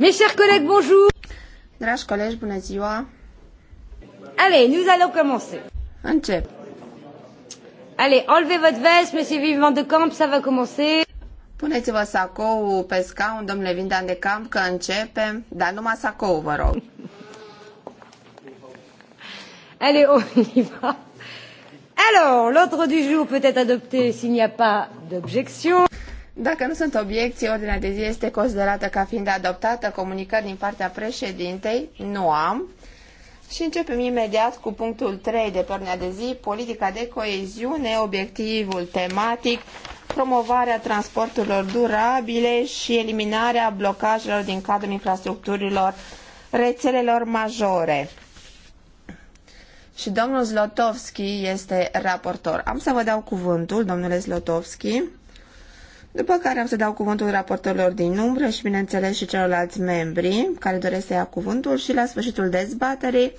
Mes chers collègues, bonjour. Dragi colegi, bună ziua. Allez, nous allons commencer. Încep. Allez, enlevez votre veste, monsieur Vivant de Camp, ça va commencer. Puneți-vă sacoul pe scaun, domnule Vindan de Camp, că începem, dar numai sacoul, vă rog. Allez, on y va. Alors, l'ordre du jour peut être adopté s'il n'y a pas d'objection. Dacă nu sunt obiecții, ordinea de zi este considerată ca fiind adoptată. Comunicări din partea președintei nu am. Și începem imediat cu punctul 3 de pe ordinea de zi, politica de coeziune, obiectivul tematic, promovarea transporturilor durabile și eliminarea blocajelor din cadrul infrastructurilor rețelelor majore. Și domnul Zlotovski este raportor. Am să vă dau cuvântul, domnule Zlotovski după care am să dau cuvântul raportorilor din umbră și, bineînțeles, și celorlalți membri care doresc să ia cuvântul și la sfârșitul dezbaterii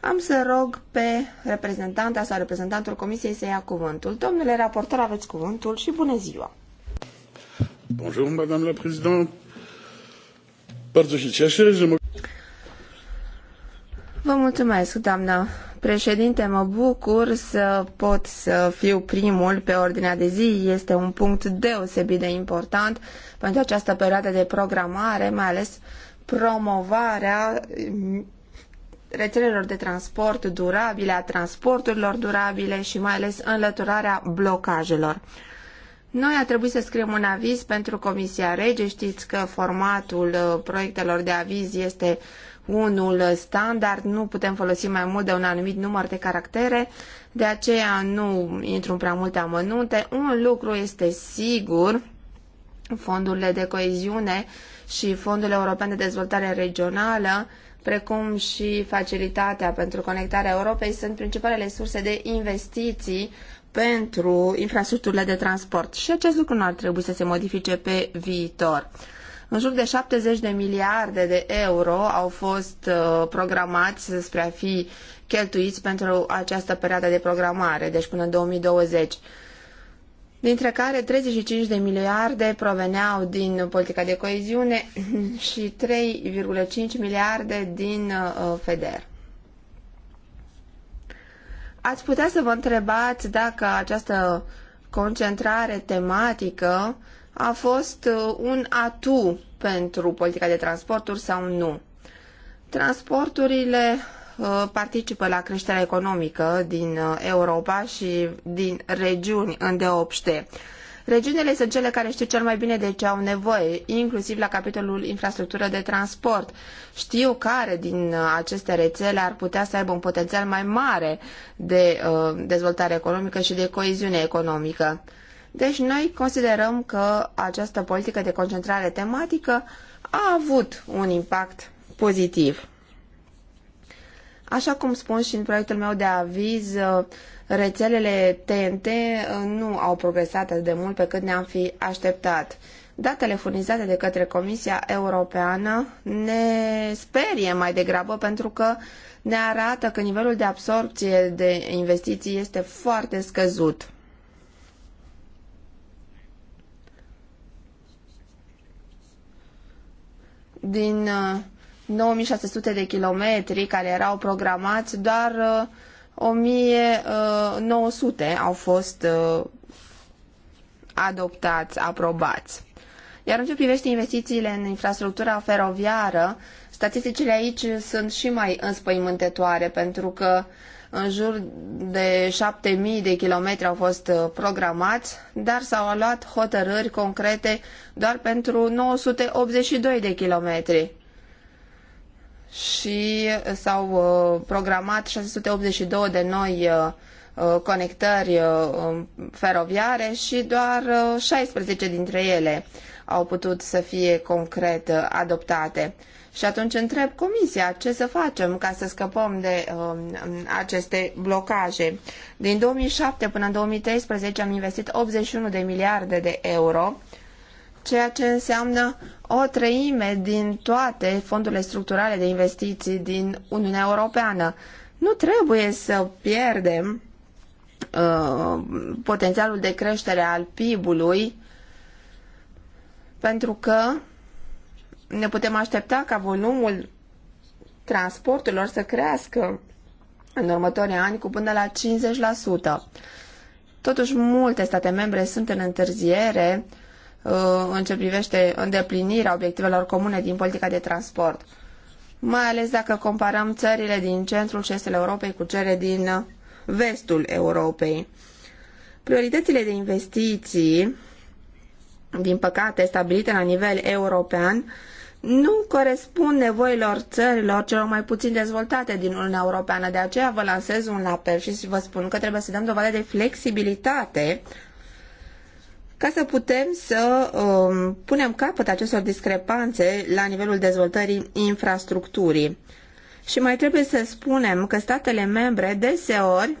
am să rog pe reprezentanta sau reprezentantul comisiei să ia cuvântul. Domnule raportor, aveți cuvântul și bună ziua! Bonjour, madame la présidente. Vă mulțumesc, doamna președinte, mă bucur să pot să fiu primul pe ordinea de zi. Este un punct deosebit de important pentru această perioadă de programare, mai ales promovarea mm, rețelelor de transport durabile, a transporturilor durabile și mai ales înlăturarea blocajelor. Noi a trebuit să scriem un aviz pentru Comisia Rege. Știți că formatul uh, proiectelor de aviz este unul standard, nu putem folosi mai mult de un anumit număr de caractere, de aceea nu intru în prea multe amănunte. Un lucru este sigur, fondurile de coeziune și fondurile europene de dezvoltare regională, precum și facilitatea pentru conectarea Europei, sunt principalele surse de investiții pentru infrastructurile de transport și acest lucru nu ar trebui să se modifice pe viitor. În jur de 70 de miliarde de euro au fost uh, programați spre a fi cheltuiți pentru această perioadă de programare, deci până în 2020 dintre care 35 de miliarde proveneau din politica de coeziune și 3,5 miliarde din uh, FEDER. Ați putea să vă întrebați dacă această concentrare tematică a fost uh, un atu pentru politica de transporturi sau nu. Transporturile uh, participă la creșterea economică din uh, Europa și din regiuni îndeopște. Regiunile sunt cele care știu cel mai bine de ce au nevoie, inclusiv la capitolul infrastructură de transport. Știu care din aceste rețele ar putea să aibă un potențial mai mare de dezvoltare economică și de coeziune economică. Deci noi considerăm că această politică de concentrare tematică a avut un impact pozitiv. Așa cum spun și în proiectul meu de aviz, rețelele TNT uh, nu au progresat atât de mult pe cât ne-am fi așteptat. Datele furnizate de către Comisia Europeană ne sperie mai degrabă pentru că ne arată că nivelul de absorpție de investiții este foarte scăzut. din 9600 uh, de kilometri care erau programați, doar 1900 uh, uh, au fost adoptați, aprobați. Iar în ce privește investițiile în infrastructura feroviară, statisticile aici sunt și mai înspăimântătoare pentru că în jur de 7000 de kilometri au fost uh, programați, dar s-au luat hotărâri concrete doar pentru 982 de kilometri. Și uh, s-au uh, programat 682 de noi conectări feroviare și doar 16 dintre ele au putut să fie concret uh, adoptate. Și atunci întreb Comisia ce să facem ca să scăpăm de um, aceste blocaje. Din 2007 până în 2013 am investit 81 de miliarde de euro, ceea ce înseamnă o treime din toate fondurile structurale de investiții din Uniunea Europeană. Nu trebuie să pierdem uh, potențialul de creștere al PIB-ului pentru că ne putem aștepta ca volumul transporturilor să crească în următorii ani cu până la 50%. Totuși, multe state membre sunt în întârziere uh, în ce privește îndeplinirea obiectivelor comune din politica de transport, mai ales dacă comparăm țările din centrul și estul Europei cu cele din vestul Europei. Prioritățile de investiții din păcate, stabilite la nivel european, nu corespund nevoilor țărilor celor mai puțin dezvoltate din Uniunea Europeană. De aceea vă lansez un apel și vă spun că trebuie să dăm dovadă de flexibilitate ca să putem să um, punem capăt acestor discrepanțe la nivelul dezvoltării infrastructurii. Și mai trebuie să spunem că statele membre deseori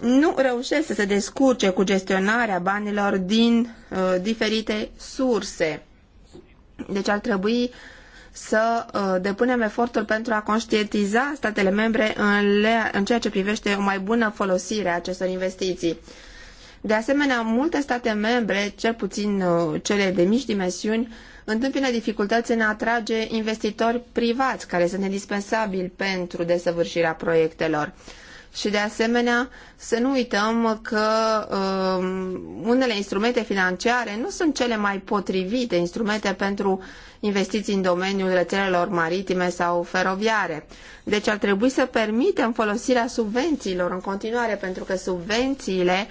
nu reușesc să se descurce cu gestionarea banilor din uh, diferite surse. Deci ar trebui să uh, depunem efortul pentru a conștientiza statele membre în, le, în ceea ce privește o mai bună folosire a acestor investiții. De asemenea, multe state membre, cel puțin uh, cele de mici dimensiuni, întâmpină dificultăți în a atrage investitori privați care sunt indispensabili pentru desăvârșirea proiectelor. Uh, și de asemenea să nu uităm că um, unele instrumente financiare nu sunt cele mai potrivite instrumente pentru investiții în domeniul rețelelor maritime sau feroviare. Deci ar trebui să permitem folosirea subvențiilor în continuare, pentru că subvențiile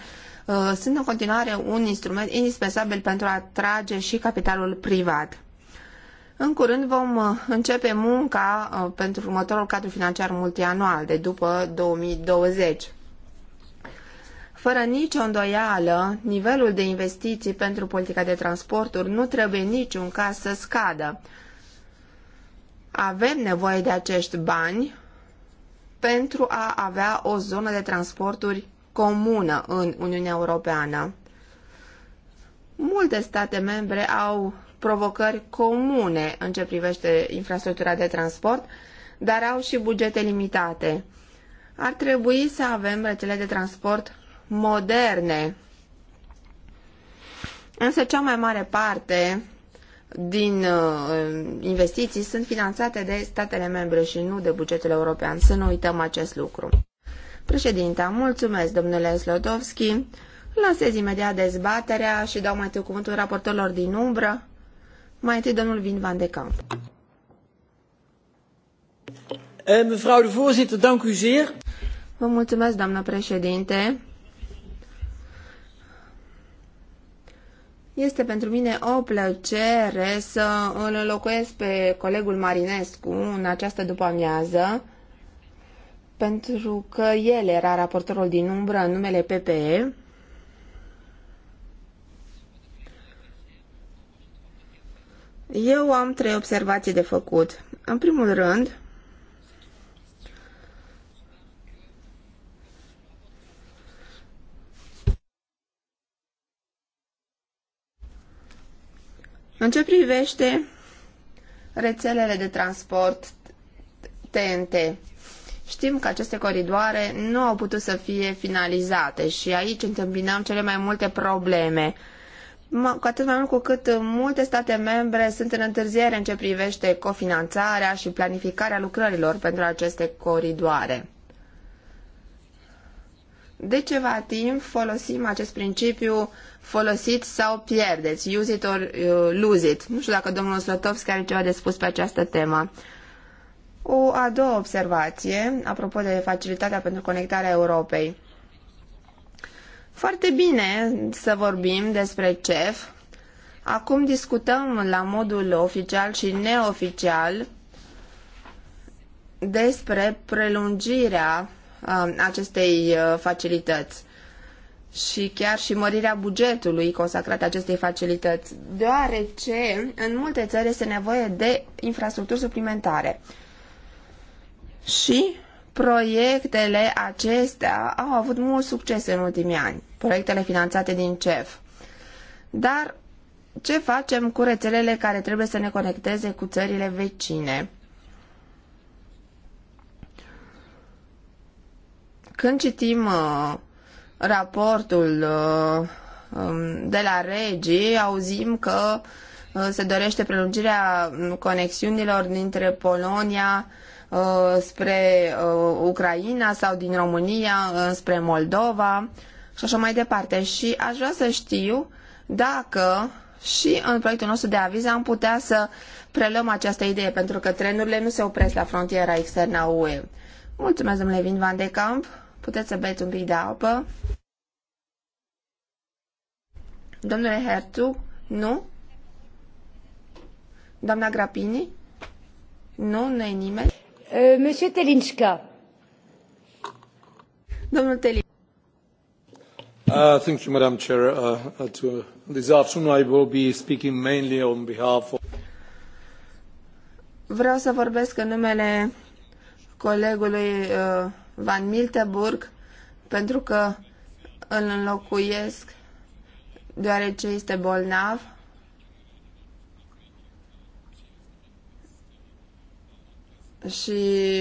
uh, sunt în continuare un instrument indispensabil pentru a atrage și capitalul privat. În curând vom uh, începe munca uh, pentru următorul cadru financiar multianual de după 2020. Fără nicio îndoială, nivelul de investiții pentru politica de transporturi nu trebuie niciun caz să scadă. Avem nevoie de acești bani pentru a avea o zonă de transporturi comună în Uniunea Europeană. Multe state membre au provocări comune în ce privește infrastructura de transport, dar au și bugete limitate. Ar trebui să avem rețele de transport moderne. Însă cea mai mare parte din uh, investiții sunt finanțate de statele membre și nu de bugetul european. Să nu uităm acest lucru. Președinta, mulțumesc, domnule Slodovski. Lansez imediat dezbaterea și dau mai tâi cuvântul raportorilor din umbră. Mai întâi domnul Vin van de Camp. Eh, mevrouw de voorzitter, dank u zeer. Vă mulțumesc, doamnă președinte. Este pentru mine o plăcere să îl înlocuiesc pe colegul Marinescu în această după-amiază, pentru că el era raportorul din umbră în numele PPE Eu am trei observații de făcut. În primul rând, În ce privește rețelele de transport TNT, știm că aceste coridoare nu au putut să fie finalizate și aici întâmpinăm cele mai multe probleme cu atât mai mult cu cât uh, multe state membre sunt în întârziere în ce privește cofinanțarea și planificarea lucrărilor pentru aceste coridoare. De ceva timp folosim acest principiu folosit sau pierdeți, use it or uh, lose it. Nu știu dacă domnul Slotovski are ceva de spus pe această temă. O a doua observație, apropo de facilitatea pentru conectarea Europei. Foarte bine să vorbim despre CEF. Acum discutăm la modul oficial și neoficial despre prelungirea um, acestei uh, facilități și chiar și mărirea bugetului consacrat acestei facilități, deoarece în multe țări este nevoie de infrastructuri suplimentare. Și Proiectele acestea au avut mult succes în ultimii ani, proiectele finanțate din CEF. Dar ce facem cu rețelele care trebuie să ne conecteze cu țările vecine? Când citim uh, raportul uh, um, de la Regi auzim că uh, se dorește prelungirea conexiunilor dintre Polonia Uh, spre uh, Ucraina sau din România uh, spre Moldova și așa mai departe. Și aș vrea să știu dacă și în proiectul nostru de aviz am putea să preluăm această idee, pentru că trenurile nu se opresc la frontiera externă a UE. Mulțumesc, domnule Vin Van de Camp. Puteți să beți un pic de apă. Domnule Hertug, nu? Doamna Grapini? Nu, nu e nimeni. Euh, Monsieur Telinska. Domnul Telinska. Uh, thank you, Madam Chair. Uh, to, uh, this afternoon I will be speaking mainly on behalf of... Vreau să vorbesc în numele colegului uh, Van Milteburg pentru că îl înlocuiesc deoarece este bolnav și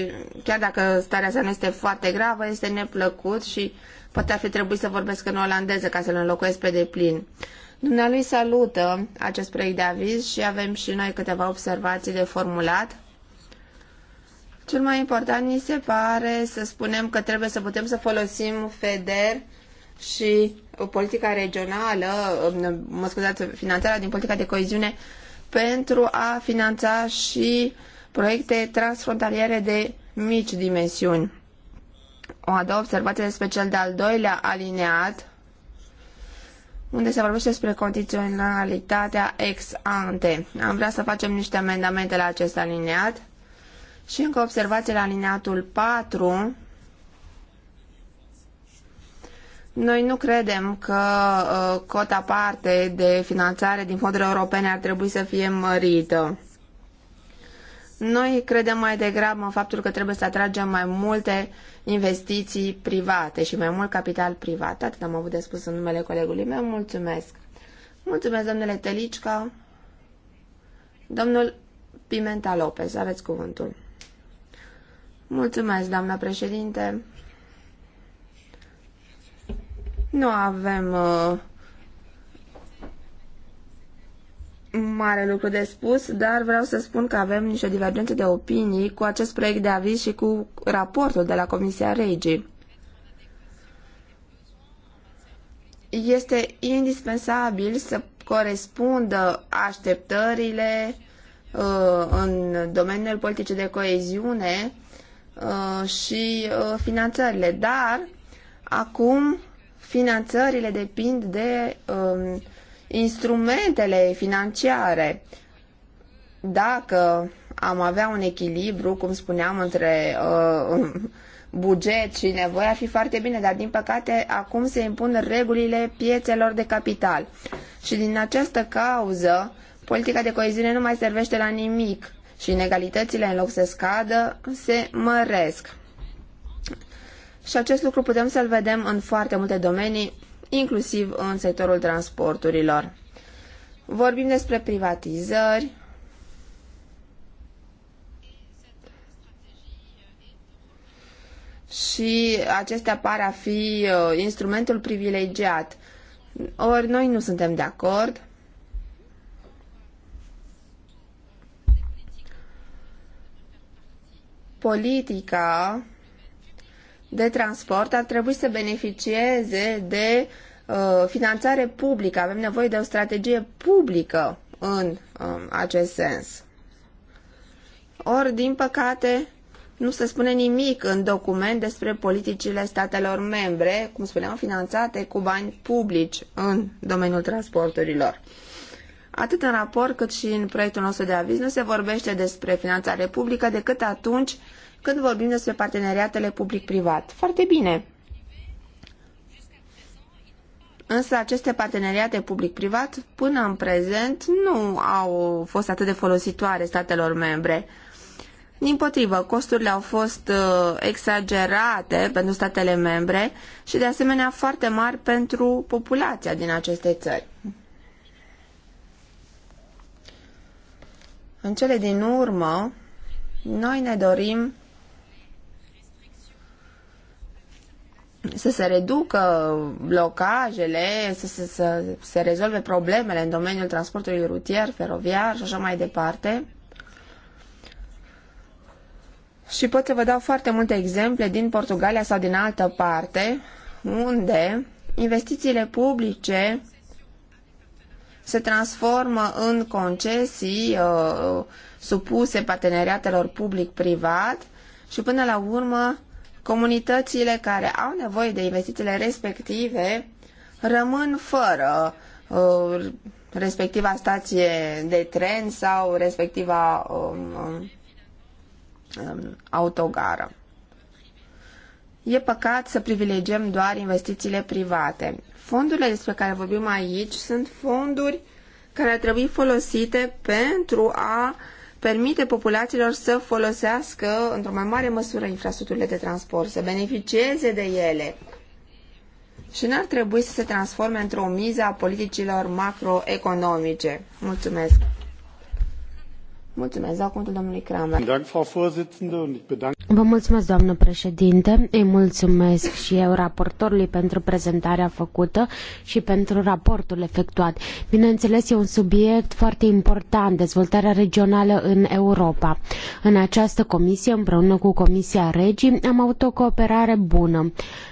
chiar dacă starea sa nu este foarte gravă, este neplăcut și poate ar fi trebuit să vorbesc în olandeză ca să-l înlocuiesc pe deplin. Dumnealui salută acest proiect de aviz și avem și noi câteva observații de formulat. Cel mai important ni se pare să spunem că trebuie să putem să folosim FEDER și politica regională, mă scuzați, finanțarea din politica de coeziune, pentru a finanța și uh, proiecte transfrontaliere de mici dimensiuni. O a doua observație despre cel de-al doilea alineat, unde se vorbește despre condiționalitatea ex ante. Am vrea să facem niște amendamente la acest alineat și încă observație la alineatul 4. Noi nu credem că uh, cota parte de finanțare din fonduri europene ar trebui să fie mărită. Noi credem mai degrabă în faptul că trebuie să atragem mai multe investiții private și mai mult capital privat. Atât am avut de spus în numele colegului meu. Mulțumesc! Mulțumesc, domnule Telicca. Domnul Pimenta Lopez, aveți cuvântul. Mulțumesc, doamna președinte. Nu avem uh, mare lucru de spus, dar vreau să spun că avem niște divergențe de opinii cu acest proiect de aviz și cu raportul de la Comisia Regii. Este indispensabil să corespundă așteptările uh, în domeniul politicii de coeziune uh, și uh, finanțările, dar acum finanțările depind de um, instrumentele financiare. Dacă am avea un echilibru, cum spuneam, între uh, buget și nevoie, ar fi foarte bine, dar din păcate acum se impun regulile piețelor de capital. Și din această cauză, politica de coeziune nu mai servește la nimic și inegalitățile, în loc să scadă, se măresc. Și acest lucru putem să-l vedem în foarte multe domenii, inclusiv în sectorul transporturilor. Vorbim despre privatizări, și acestea par a fi uh, instrumentul privilegiat. Ori noi nu suntem de acord. Politica de transport ar trebui să beneficieze de uh, finanțare publică. Avem nevoie de o strategie publică în um, acest sens. Ori, din păcate, nu se spune nimic în document despre politicile statelor membre, cum spuneam, finanțate cu bani publici în domeniul transporturilor. Atât în raport cât și în proiectul nostru de aviz nu se vorbește despre finanțare publică decât atunci când vorbim despre parteneriatele public-privat. Foarte bine. Însă aceste parteneriate public-privat până în prezent nu au fost atât de folositoare statelor membre. Din potrivă, costurile au fost uh, exagerate pentru statele membre și de asemenea foarte mari pentru populația din aceste țări. În cele din urmă, noi ne dorim să se reducă blocajele, să, să, să se rezolve problemele în domeniul transportului rutier, feroviar și așa mai departe. Și pot să vă dau foarte multe exemple din Portugalia sau din altă parte, unde investițiile publice se transformă în concesii uh, supuse parteneriatelor public-privat și până la urmă comunitățile care au nevoie de investițiile respective rămân fără uh, respectiva stație de tren sau respectiva um, um, um, autogară. E păcat să privilegiem doar investițiile private. Fondurile despre care vorbim aici sunt fonduri care ar trebui folosite pentru a permite populațiilor să folosească într-o mai mare măsură infrastructurile de transport, să beneficieze de ele și n-ar trebui să se transforme într-o miză a politicilor macroeconomice. Mulțumesc! Mulțumesc, dau cuvântul domnului Kramer. Vă mulțumesc, doamnă președinte. Îi mulțumesc și eu raportorului pentru prezentarea făcută și pentru raportul efectuat. Bineînțeles, e un subiect foarte important, dezvoltarea regională în Europa. În această comisie, împreună cu Comisia Regii, am avut o cooperare bună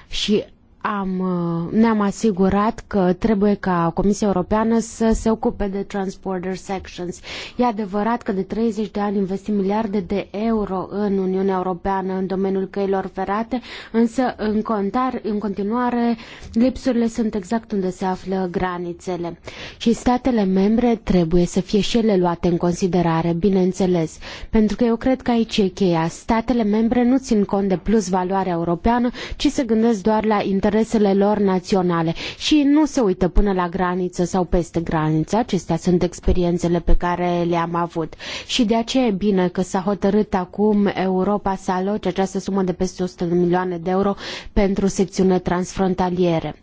și am, uh, ne-am asigurat că trebuie ca Comisia Europeană să se ocupe de transporter Sections. E adevărat că de 30 de ani investim miliarde de euro în Uniunea Europeană în domeniul căilor ferate, însă în, contar, în continuare lipsurile sunt exact unde se află granițele. Și statele membre trebuie să fie și ele luate în considerare, bineînțeles, pentru că eu cred că aici e cheia. Statele membre nu țin cont de plus valoarea europeană, ci se gândesc doar la inter interesele lor naționale și nu se uită până la graniță sau peste graniță. Acestea sunt experiențele pe care le-am avut. Și de aceea e bine că s-a hotărât acum Europa să aloce această sumă de peste 100 de milioane de euro pentru secțiune transfrontaliere.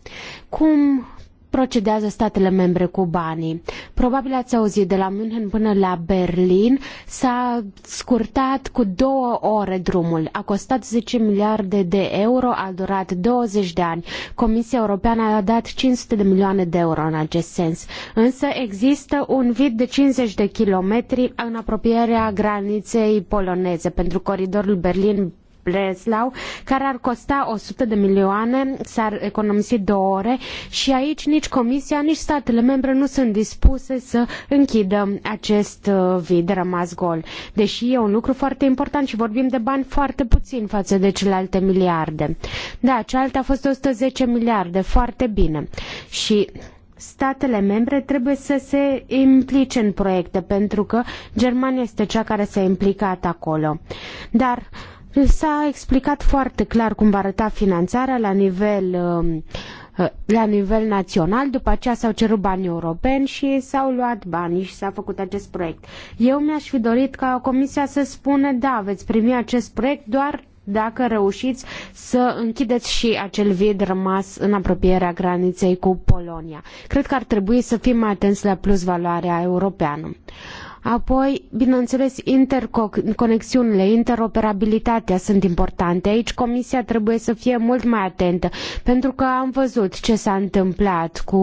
Cum procedează statele membre cu banii. Probabil ați auzit de la München până la Berlin s-a scurtat cu două ore drumul. A costat 10 miliarde de euro, a durat 20 de ani. Comisia Europeană a dat 500 de milioane de euro în acest sens. Însă există un vid de 50 de kilometri în apropierea graniței poloneze pentru coridorul Berlin Breslau, care ar costa 100 de milioane, s-ar economisi două ore și aici nici Comisia, nici statele membre nu sunt dispuse să închidă acest uh, vid rămas gol. Deși e un lucru foarte important și vorbim de bani foarte puțin față de celelalte miliarde. Da, cealaltă a fost 110 miliarde, foarte bine. Și statele membre trebuie să se implice în proiecte, pentru că Germania este cea care s-a implicat acolo. Dar S-a explicat foarte clar cum va arăta finanțarea la nivel, um, uh, la nivel național, după aceea s-au cerut bani europeni și s-au luat banii și s-a făcut acest proiect. Eu mi-aș fi dorit ca Comisia să spună, da, veți primi acest proiect doar dacă reușiți să închideți și acel vid rămas în apropierea graniței cu Polonia. Cred că ar trebui să fim mai atenți la plusvaloarea europeană. Apoi, bineînțeles, interconexiunile, interoperabilitatea sunt importante. Aici Comisia trebuie să fie mult mai atentă, pentru că am văzut ce s-a întâmplat cu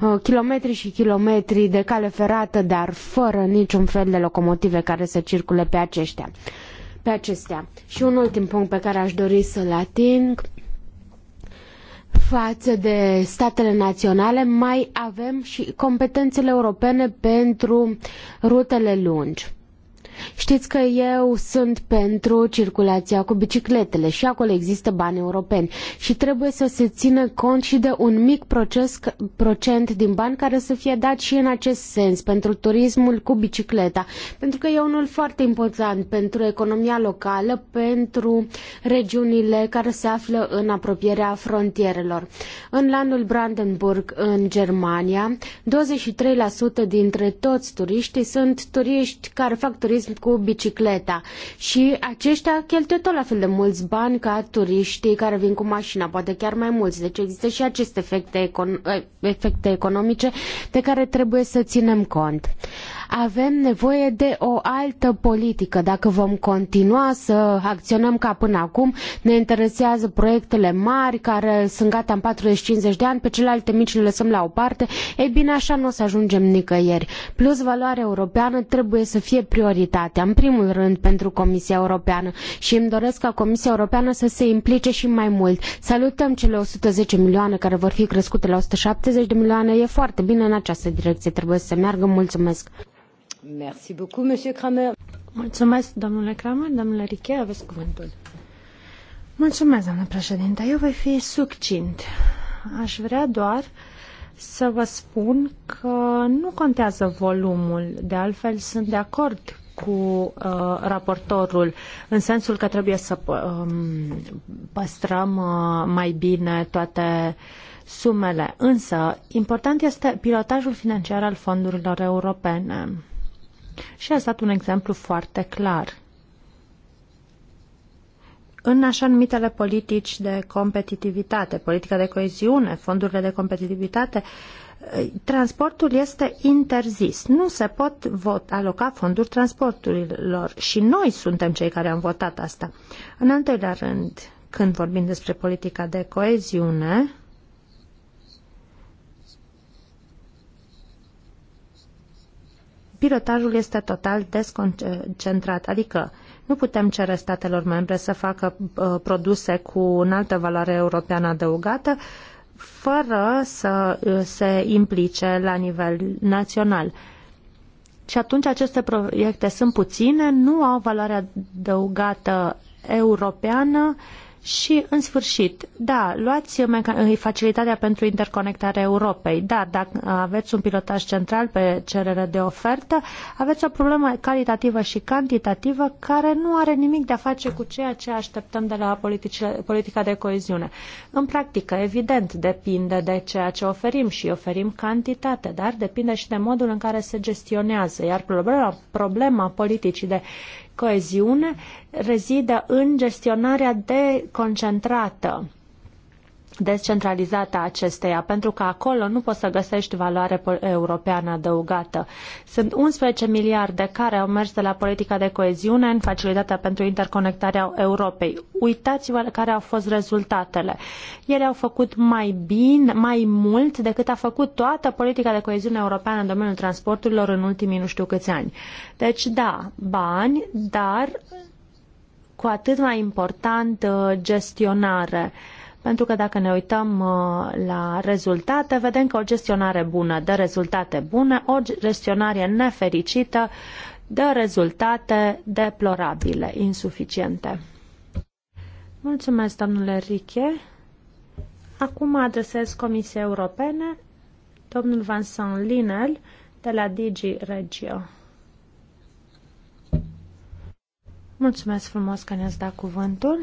uh, kilometri și kilometri de cale ferată, dar fără niciun fel de locomotive care să circule pe aceștia. Pe acestea. Și un ultim punct pe care aș dori să-l ating față de statele naționale, mai avem și competențele europene pentru rutele lungi. Știți că eu sunt pentru circulația cu bicicletele și acolo există bani europeni și trebuie să se țină cont și de un mic proces, procent din bani care să fie dat și în acest sens pentru turismul cu bicicleta, pentru că e unul foarte important pentru economia locală, pentru regiunile care se află în apropierea frontierelor. În landul Brandenburg, în Germania, 23% dintre toți turiștii sunt turiști care fac turism cu bicicleta și aceștia cheltuie tot la fel de mulți bani ca turiștii care vin cu mașina, poate chiar mai mulți. Deci există și aceste efecte, econ- efecte economice de care trebuie să ținem cont. Avem nevoie de o altă politică. Dacă vom continua să acționăm ca până acum, ne interesează proiectele mari care sunt gata în 40-50 de ani, pe celelalte mici le lăsăm la o parte. Ei bine, așa nu o să ajungem nicăieri. Plus, valoarea europeană trebuie să fie prioritatea, în primul rând, pentru Comisia Europeană și îmi doresc ca Comisia Europeană să se implice și mai mult. Salutăm cele 110 milioane care vor fi crescute la 170 de milioane. E foarte bine în această direcție trebuie să meargă. Mulțumesc! Merci beaucoup, Monsieur Kramer. Mulțumesc, domnule Kramer. Domnule Riche, aveți cuvântul. Mulțumesc, doamnă președinte. Eu voi fi succint. Aș vrea doar să vă spun că nu contează volumul. De altfel, sunt de acord cu uh, raportorul, în sensul că trebuie să um, păstrăm uh, mai bine toate sumele. Însă, important este pilotajul financiar al fondurilor europene. Și a dat un exemplu foarte clar. În așa numitele politici de competitivitate, politica de coeziune, fondurile de competitivitate, eh, transportul este interzis. Nu se pot vot, aloca fonduri transporturilor și noi suntem cei care am votat asta. În al doilea rând, când vorbim despre politica de coeziune, pilotajul este total desconcentrat, adică nu putem cere statelor membre să facă uh, produse cu înaltă valoare europeană adăugată fără să uh, se implice la nivel național. Și atunci aceste proiecte sunt puține, nu au valoare adăugată europeană uh, și, în sfârșit, da, luați facilitatea pentru interconectarea Europei, dar dacă aveți un pilotaj central pe cerere de ofertă, aveți o problemă calitativă și cantitativă care nu are nimic de a face cu ceea ce așteptăm de la politica de coeziune. În practică, evident, depinde de ceea ce oferim și oferim cantitate, dar depinde și de modul în care se gestionează, iar problema, problema politicii de coeziune rezidă în gestionarea deconcentrată descentralizată a acesteia, pentru că acolo nu poți să găsești valoare europeană adăugată. Sunt 11 miliarde care au mers de la politica de coeziune în facilitatea pentru interconectarea Europei. Uitați-vă care au fost rezultatele. Ele au făcut mai bine, mai mult decât a făcut toată politica de coeziune europeană în domeniul transporturilor în ultimii nu știu câți ani. Deci da, bani, dar cu atât mai important uh, gestionare pentru că dacă ne uităm uh, la rezultate, vedem că o gestionare bună dă rezultate bune, o gestionare nefericită dă rezultate deplorabile, insuficiente. Mulțumesc, domnule Riche. Acum adresez Comisiei Europene, domnul Vincent Linel, de la Digi Regio. Mulțumesc frumos că ne-ați dat cuvântul.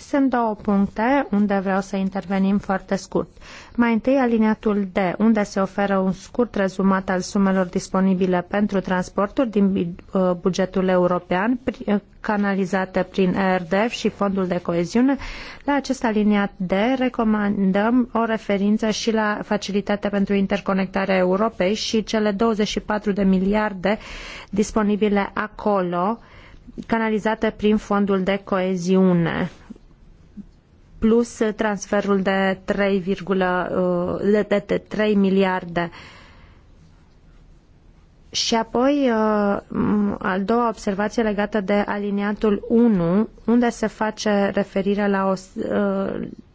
Sunt două puncte unde vreau să intervenim foarte scurt. Mai întâi, aliniatul D, unde se oferă un scurt rezumat al sumelor disponibile pentru transporturi din uh, bugetul european, uh, canalizate prin ERDF și Fondul de Coeziune. La acest aliniat D recomandăm o referință și la Facilitatea pentru Interconectarea Europei și cele 24 de miliarde disponibile acolo, canalizate prin Fondul de Coeziune plus transferul de 3, de, de, de 3 miliarde. Și apoi, al doua observație legată de aliniatul 1, unde se face referire la o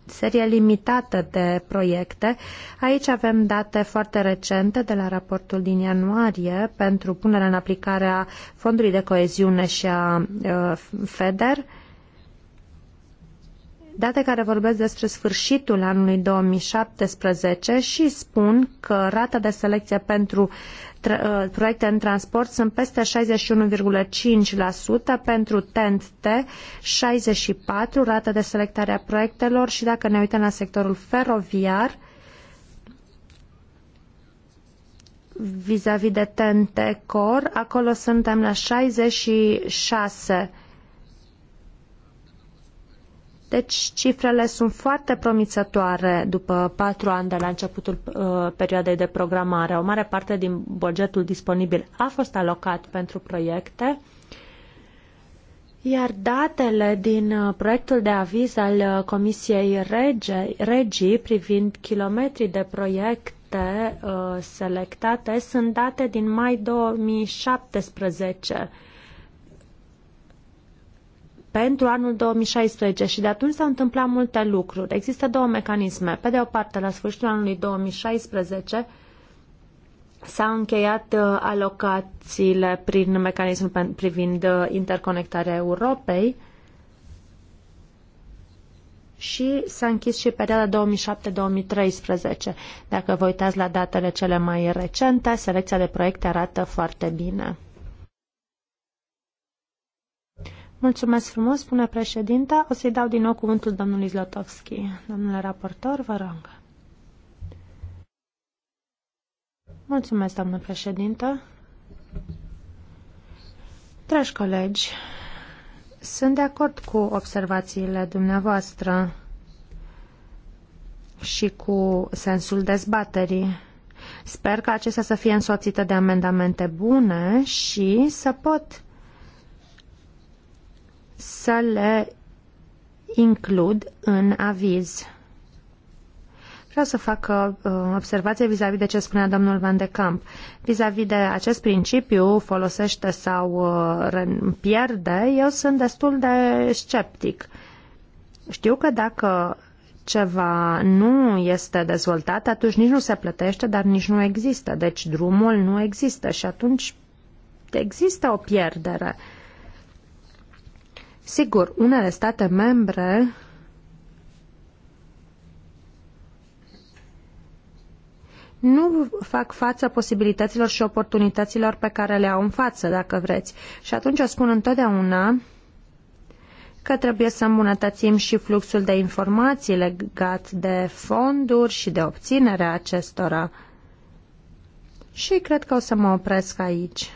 serie limitată de proiecte. Aici avem date foarte recente de la raportul din ianuarie pentru punerea în aplicare a Fondului de Coeziune și a FEDER date care vorbesc despre sfârșitul anului 2017 și spun că rata de selecție pentru uh, proiecte în transport sunt peste 61,5% pentru TNT, 64% rata de selectare a proiectelor și dacă ne uităm la sectorul feroviar, vis-a-vis -vis de TNT Core, acolo suntem la 66% deci cifrele sunt foarte promițătoare după patru ani de la începutul uh, perioadei de programare. O mare parte din bugetul disponibil a fost alocat pentru proiecte, iar datele din uh, proiectul de aviz al uh, Comisiei Rege, Regii privind kilometrii de proiect uh, selectate sunt date din mai 2017 pentru anul 2016 și de atunci s-au întâmplat multe lucruri. Există două mecanisme. Pe de o parte, la sfârșitul anului 2016 s-au încheiat uh, alocațiile prin mecanismul privind uh, interconectarea Europei și s-a închis și perioada 2007-2013. Dacă vă uitați la datele cele mai recente, selecția de proiecte arată foarte bine. Mulțumesc frumos, spune președinta. O să-i dau din nou cuvântul domnului Zlotovski. Domnule raportor, vă rog. Mulțumesc, doamnă președintă. Dragi colegi, sunt de acord cu observațiile dumneavoastră și cu sensul dezbaterii. Sper că acestea să fie însoțită de amendamente bune și să pot să le includ în aviz. Vreau să fac o uh, observație vis-a-vis -vis de ce spunea domnul Van de Camp. Vis-a-vis -vis de acest principiu, folosește sau uh, pierde, eu sunt destul de sceptic. Știu că dacă ceva nu este dezvoltat, atunci nici nu se plătește, dar nici nu există. Deci drumul nu există și atunci există o pierdere. Uh, Sigur, unele state membre nu fac față posibilităților și oportunităților pe care le au în față, dacă vreți. Și atunci o spun întotdeauna că trebuie să îmbunătățim și fluxul de informații legat de fonduri și de obținerea acestora. Și cred că o să mă opresc aici.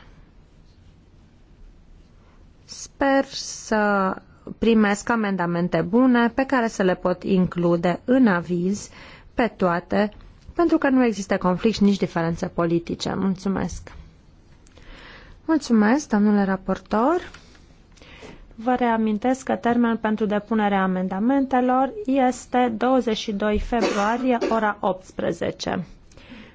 Sper să primesc amendamente bune pe care să le pot include în aviz pe toate, pentru că nu există conflict și nici diferențe politice. Mulțumesc! Mulțumesc, domnule raportor! Vă reamintesc că termenul pentru depunerea amendamentelor este 22 februarie, ora 18.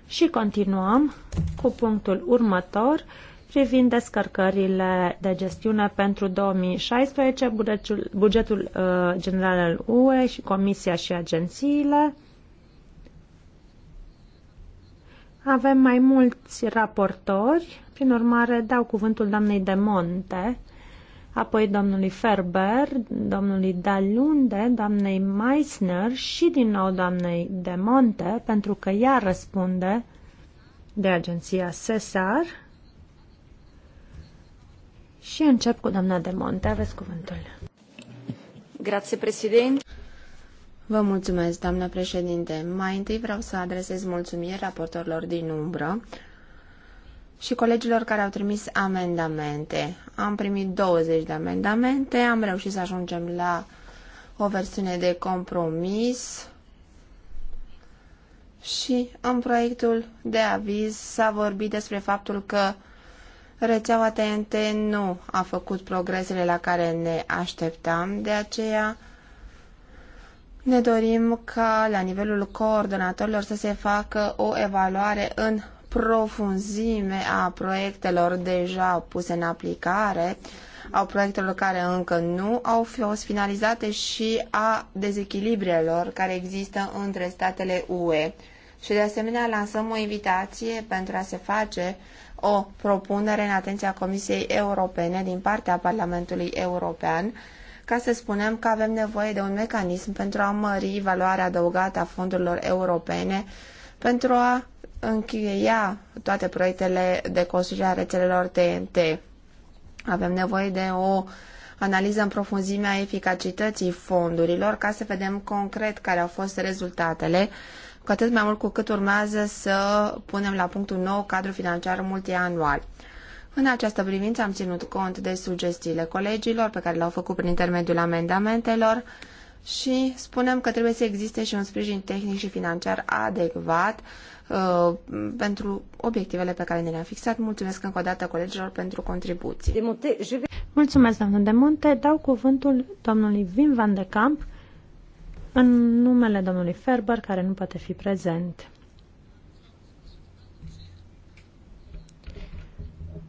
Și continuăm cu punctul următor, privind descărcările de gestiune pentru 2016, bugetul, bugetul uh, general al UE și Comisia și agențiile. Avem mai mulți raportori, prin urmare dau cuvântul doamnei de Monte, apoi domnului Ferber, domnului Dalunde, doamnei Meissner și din nou doamnei de Monte, pentru că ea răspunde de agenția Cesar. Și încep cu doamna de Monte. Aveți cuvântul. Grazie, președinte. Vă mulțumesc, doamnă președinte. Mai întâi vreau să adresez mulțumiri raportorilor din umbră și colegilor care au trimis amendamente. Am primit 20 de amendamente, am reușit să ajungem la o versiune de compromis și în proiectul de aviz s-a vorbit despre faptul că Rețeaua TNT nu a făcut progresele la care ne așteptam, de aceea ne dorim ca la nivelul coordonatorilor să se facă o evaluare în profunzime a proiectelor deja puse în aplicare, a proiectelor care încă nu au fost finalizate și a dezechilibrelor care există între statele UE. Și de asemenea lansăm o invitație pentru a se face o propunere în atenția Comisiei Europene din partea Parlamentului European ca să spunem că avem nevoie de un mecanism pentru a mări valoarea adăugată a fondurilor europene pentru a încheia toate proiectele de construire a rețelelor TNT. Avem nevoie de o analiză în profunzime a eficacității fondurilor ca să vedem concret care au fost rezultatele cu atât mai mult cu cât urmează să punem la punctul nou cadru financiar multianual. În această privință am ținut cont de sugestiile colegilor pe care le-au făcut prin intermediul amendamentelor și spunem că trebuie să existe și un sprijin tehnic și financiar adecvat uh, pentru obiectivele pe care ne le-am fixat. Mulțumesc încă o dată colegilor pentru contribuții. Mulțumesc, doamnă de Monte. Dau cuvântul domnului Vin Van de Camp în numele domnului Ferber, care nu poate fi prezent.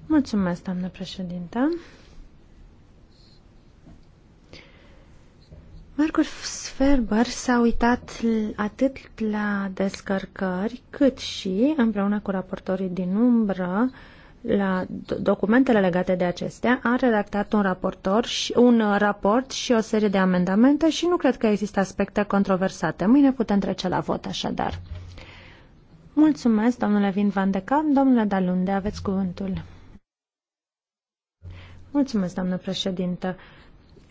Mulțumesc, doamnă președintă. Marcus Ferber s-a uitat atât la descărcări, cât și, împreună cu raportorii din umbră, uh, la documentele legate de acestea, a redactat un, raportor și, un uh, raport și o serie de amendamente și nu cred că există aspecte controversate. Mâine putem trece la vot așadar. Mulțumesc, domnule Vin Van de Cam, Domnule Dalunde, aveți cuvântul. Mulțumesc, doamnă președintă.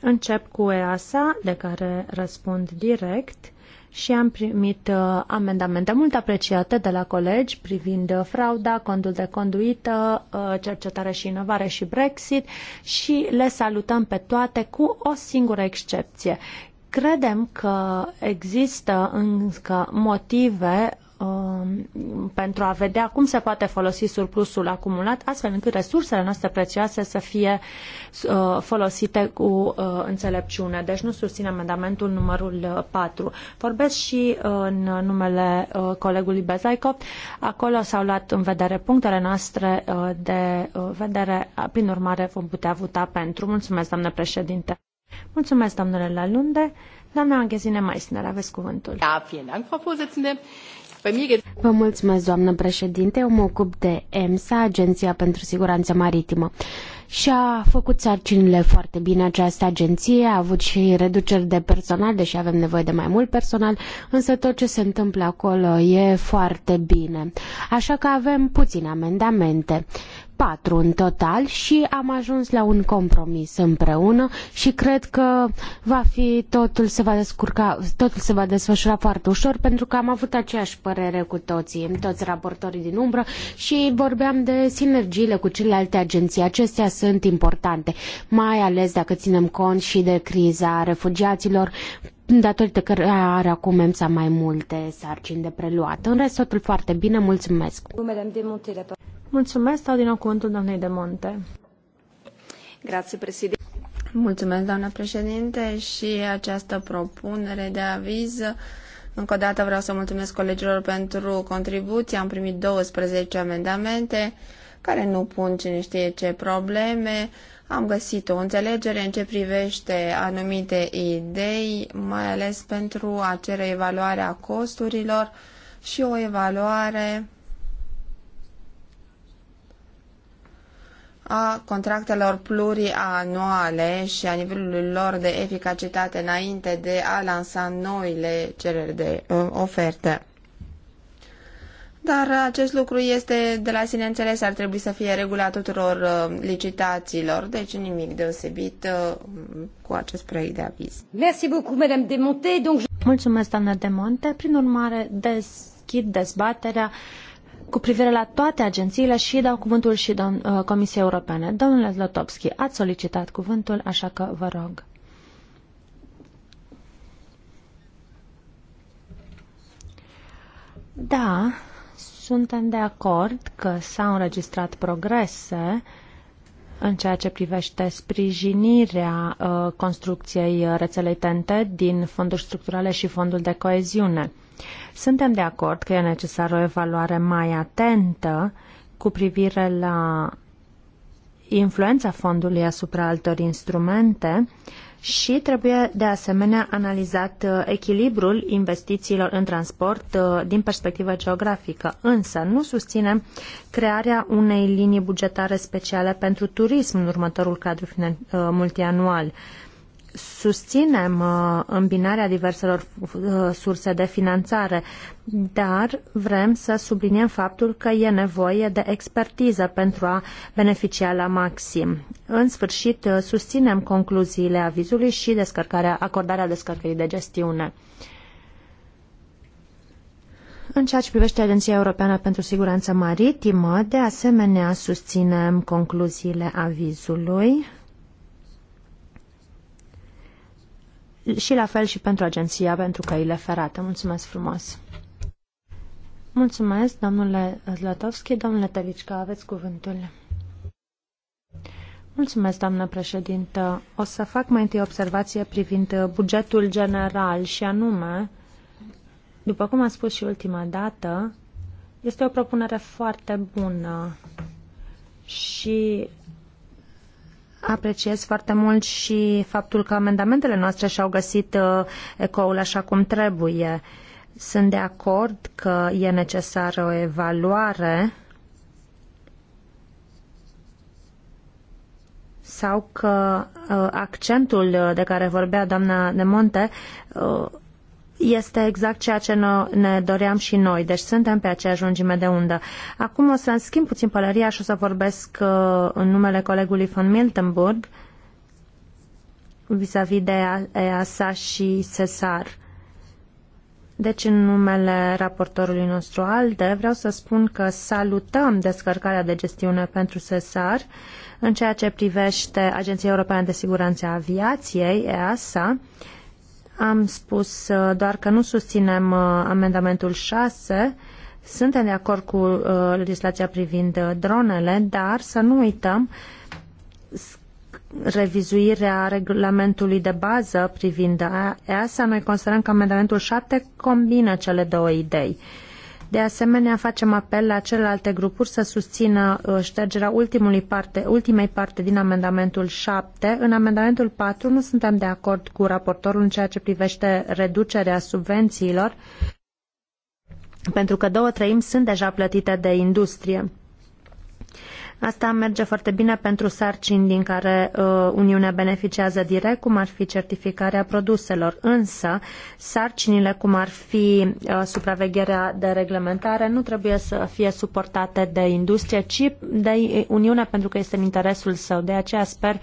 Încep cu EASA, de care răspund direct și am primit uh, amendamente mult apreciate de la colegi privind uh, frauda, condul de conduită, uh, cercetare și inovare și Brexit și le salutăm pe toate cu o singură excepție. Credem că există încă motive Um, pentru a vedea cum se poate folosi surplusul acumulat, astfel încât resursele noastre prețioase să fie uh, folosite cu uh, înțelepciune. Deci nu susțin amendamentul numărul 4. Uh, Vorbesc și în numele colegului Bezaico. Acolo s-au luat în vedere punctele noastre de vedere. Prin urmare, vom putea vota pentru. Mulțumesc, doamnă președinte. Mulțumesc, domnule Lalunde. Doamna Anghezine Meissner, aveți cuvântul. Da, vielen Dank, Frau Vorsitzende. Vă mulțumesc, doamnă președinte. Eu mă ocup de EMSA, Agenția pentru Siguranță Maritimă. Și a făcut sarcinile foarte bine această agenție, a avut și reduceri de personal, deși avem nevoie de mai mult personal, însă tot ce se întâmplă acolo e foarte bine. Așa că avem puține amendamente patru în total și am ajuns la un compromis împreună și cred că va fi totul se va descurca, totul se va desfășura foarte ușor pentru că am avut aceeași părere cu toții, toți raportorii din umbră și vorbeam de sinergiile cu celelalte agenții. Acestea sunt importante, mai ales dacă ținem cont și de criza refugiaților datorită că are acum EMSA mai multe sarcini de preluat. În rest, totul foarte bine, mulțumesc. Mulțumesc, dau din nou cuvântul doamnei de Monte. Grazie, președinte. Mulțumesc, doamna președinte, și această propunere de aviz. Încă o dată vreau să mulțumesc colegilor pentru contribuții. Am primit 12 amendamente care nu pun cine știe ce probleme. Am găsit o înțelegere în ce privește anumite idei, mai ales pentru a cere evaluarea costurilor și o evaluare a contractelor plurianuale și a nivelului lor de eficacitate înainte de a lansa noile cereri de uh, oferte. Dar acest lucru este de la sine înțeles, ar trebui să fie regula tuturor uh, licitațiilor, deci nimic deosebit uh, cu acest proiect de aviz. Merci beaucoup, Madame Demonte. Donc... Mulțumesc, doamna Demonte. Prin urmare, deschid dezbaterea cu privire la toate agențiile și dau cuvântul și uh, Comisiei Europene. Domnule Zlotopski, ați solicitat cuvântul, așa că vă rog. Da, suntem de acord că s-au înregistrat progrese în ceea ce privește sprijinirea uh, construcției rețelei TNT din fonduri structurale și fondul de coeziune. Suntem de acord că e necesară o evaluare mai atentă cu privire la influența fondului asupra altor instrumente și trebuie de asemenea analizat uh, echilibrul investițiilor în transport uh, din perspectivă geografică. Însă nu susținem crearea unei linii bugetare speciale pentru turism în următorul cadru uh, multianual susținem uh, îmbinarea diverselor uh, surse de finanțare, dar vrem să subliniem faptul că e nevoie de expertiză pentru a beneficia la maxim. În sfârșit, uh, susținem concluziile avizului și descărcarea, acordarea descărcării de gestiune. În ceea ce privește Agenția Europeană pentru Siguranță Maritimă, de asemenea susținem concluziile avizului și la fel și pentru Agenția pentru Căile Ferate. Mulțumesc frumos! Mulțumesc, domnule Zlatovski. Domnule Telicica, aveți cuvântul. Mulțumesc, doamnă președintă. O să fac mai întâi observație privind bugetul general și anume, după cum am spus și ultima dată, este o propunere foarte bună și Apreciez foarte mult și faptul că amendamentele noastre și-au găsit uh, ecoul așa cum trebuie. Sunt de acord că e necesară o evaluare sau că uh, accentul de care vorbea doamna de Monte uh, este exact ceea ce ne doream și noi, deci suntem pe aceeași lungime de undă. Acum o să schimb puțin pălăria și o să vorbesc uh, în numele colegului von Miltenburg vis-a-vis -vis de EASA și SESAR. Deci, în numele raportorului nostru ALDE, vreau să spun că salutăm descărcarea de gestiune pentru SESAR în ceea ce privește Agenția Europeană de Siguranță a Aviației, EASA, am spus uh, doar că nu susținem uh, amendamentul 6. Suntem de acord cu uh, legislația privind dronele, dar să nu uităm revizuirea regulamentului de bază privind EASA, noi considerăm că amendamentul 7 combină cele două idei. Uh, de asemenea, facem apel la celelalte grupuri să susțină uh, ștergerea ultimului parte, ultimei parte din amendamentul 7. În amendamentul 4 nu suntem de acord cu raportorul în ceea ce privește reducerea subvențiilor, pentru că două treimi sunt deja plătite de industrie. Asta merge foarte bine pentru sarcini din care uh, Uniunea beneficiază direct, cum ar fi certificarea produselor, însă sarcinile, cum ar fi uh, supravegherea de reglementare, nu trebuie să fie suportate de industrie, ci de Uniune, pentru că este în interesul său. De aceea sper uh,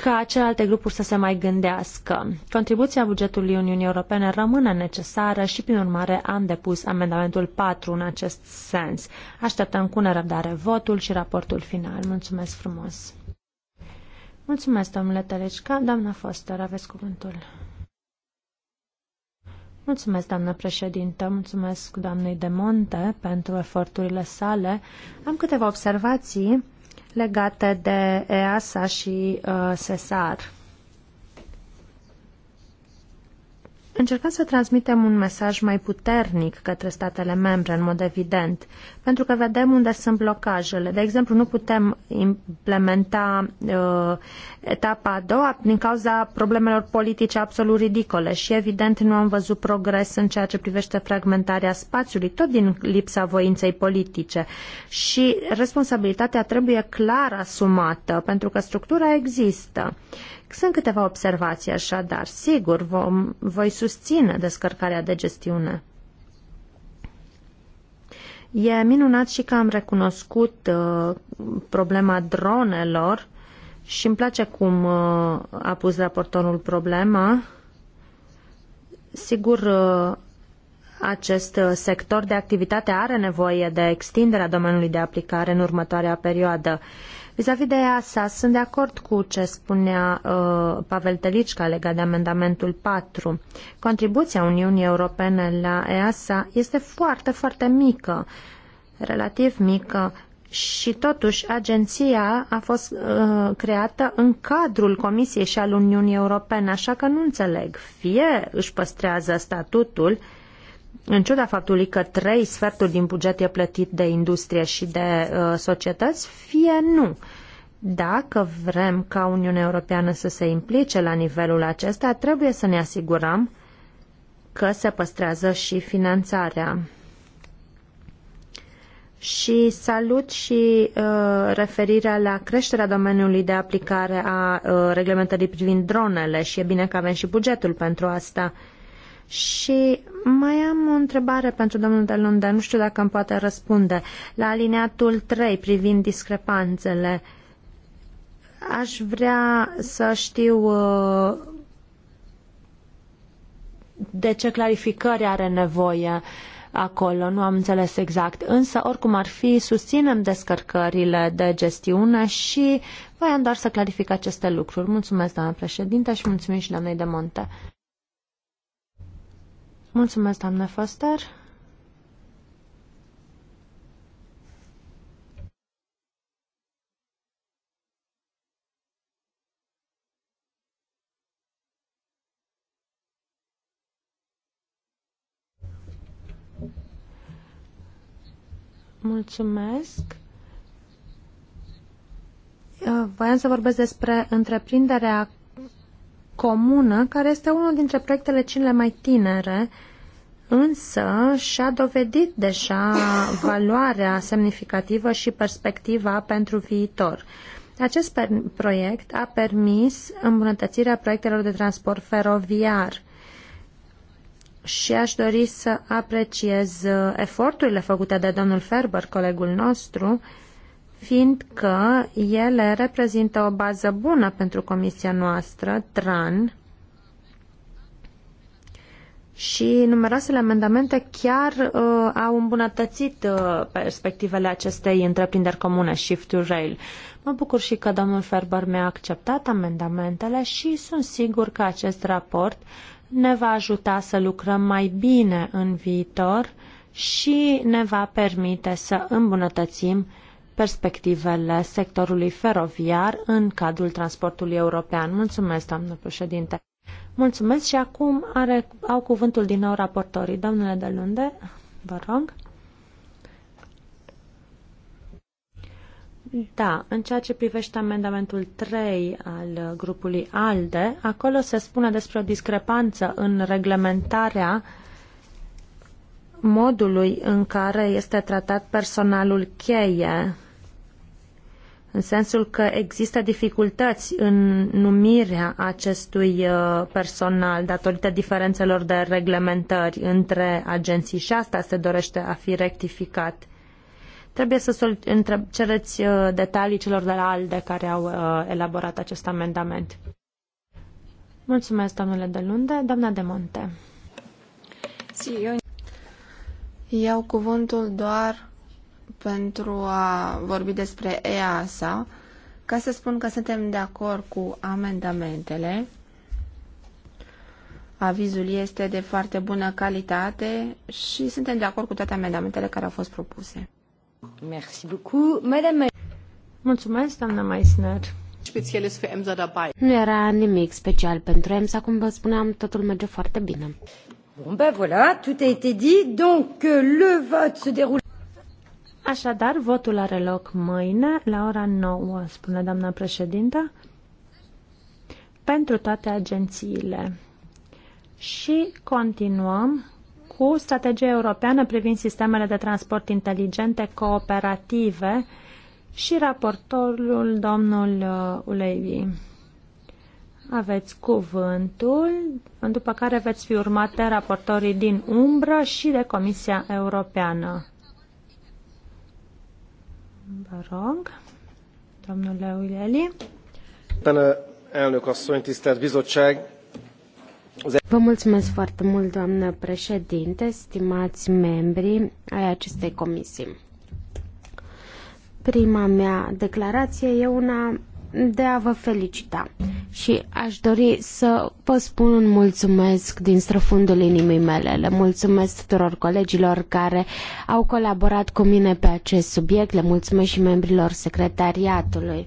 ca celelalte grupuri să se mai gândească. Contribuția bugetului Uniunii Europene rămâne necesară și, prin urmare, am depus amendamentul 4 în acest sens. Așteptăm cu nerăbdare votul și raportul final. Mulțumesc frumos! Mulțumesc, domnule Tălecica. Doamna Foster, aveți cuvântul. Mulțumesc, doamnă președintă, mulțumesc doamnei de Monte pentru eforturile sale. Am câteva observații legate de EASA și uh, SESAR. încercăm să transmitem un mesaj mai puternic către statele membre, în mod evident, pentru că vedem unde sunt blocajele. De exemplu, nu putem implementa uh, etapa a doua din cauza problemelor politice absolut ridicole și, evident, nu am văzut progres în ceea ce privește fragmentarea spațiului, tot din lipsa voinței politice. Și responsabilitatea trebuie clar asumată, pentru că structura există. Sunt câteva observații așadar. Sigur, vom, voi susține descărcarea de gestiune. E minunat și că am recunoscut uh, problema dronelor și îmi place cum uh, a pus raportorul problema. Sigur, uh, acest sector de activitate are nevoie de extinderea domeniului de aplicare în următoarea perioadă. Uh, Vis-a-vis de EASA, sunt de acord cu ce spunea uh, Pavel Telicica legat de amendamentul 4. Contribuția Uniunii Europene la EASA este foarte, foarte mică, relativ mică. Și totuși, agenția a fost uh, creată în cadrul Comisiei și al Uniunii Europene, așa că nu înțeleg. Fie își păstrează statutul, uh, în ciuda faptului că trei sferturi din buget e plătit de industrie și de uh, societăți, fie nu. Dacă vrem ca Uniunea Europeană să se implice la nivelul acesta, trebuie să ne asigurăm că se păstrează și finanțarea. Și salut și uh, referirea la creșterea domeniului de aplicare a uh, reglementării privind dronele și e bine că avem și bugetul pentru asta. Și mai am o întrebare pentru domnul de Lunde, nu știu dacă îmi poate răspunde. La alineatul 3 privind discrepanțele, aș vrea să știu uh, de ce clarificări are nevoie acolo, nu am înțeles exact, însă oricum ar fi, susținem descărcările de gestiune și voiam doar să clarific aceste lucruri. Mulțumesc, doamna președinte, și mulțumim și doamnei de Monte. Mulțumesc, doamnă Foster. Mulțumesc. Voiam să vorbesc despre întreprinderea comună, care este unul dintre proiectele cele mai tinere, însă și-a dovedit deja valoarea semnificativă și perspectiva pentru viitor. Acest proiect a permis îmbunătățirea proiectelor de transport feroviar și aș dori să apreciez eforturile făcute de domnul Ferber, colegul nostru, fiindcă ele reprezintă o bază bună pentru comisia noastră, TRAN, și numeroasele amendamente chiar uh, au îmbunătățit uh, perspectivele acestei întreprinderi comune, Shift to Rail. Mă bucur și că domnul Ferber mi-a acceptat amendamentele și sunt sigur că acest raport ne va ajuta să lucrăm mai bine în viitor și ne va permite să îmbunătățim uh, perspectivele sectorului feroviar în cadrul transportului european. Mulțumesc, doamnă președinte. Mulțumesc și acum are, au cuvântul din nou raportorii. Domnule de Lunde, vă rog. Da, în ceea ce privește amendamentul 3 al grupului ALDE, acolo se spune despre o discrepanță în reglementarea modului în care este tratat personalul cheie în sensul că există dificultăți în numirea acestui uh, personal datorită diferențelor de reglementări între agenții și asta se dorește a fi rectificat. Trebuie să întreb, cereți uh, detalii celor de la ALDE care au uh, elaborat acest amendament. Mulțumesc, domnule de Lunde. Doamna de Monte. Iau cuvântul doar pentru a vorbi despre EASA, ca să spun că suntem de acord cu amendamentele. Avizul este de foarte bună calitate și suntem de acord cu toate amendamentele care au fost propuse. Merci beaucoup, Madame. Mulțumesc, doamna Meissner. Speciales pe EMSA dabei. Nu era nimic special pentru EMSA, cum vă spuneam, totul merge foarte bine. Bon ben voilà, tout a été dit, donc euh, le vote se déroule. Așadar, votul are loc mâine la ora 9, spune doamna președintă, pentru toate agențiile. Și continuăm cu strategia europeană privind sistemele de transport inteligente cooperative și raportorul domnul uh, Ulevi. Aveți cuvântul, după care veți fi urmate raportorii din umbră și de Comisia Europeană. Vă rog, domnule Doamnă Elnök asszony, tisztelt bizottság! Vă mulțumesc foarte mult, doamnă președinte, stimați membri ai acestei comisii. Prima mea declarație e una de a vă felicita și aș dori să vă spun un mulțumesc din străfundul inimii mele. Le mulțumesc tuturor colegilor care au colaborat cu mine pe acest subiect, le mulțumesc și membrilor secretariatului.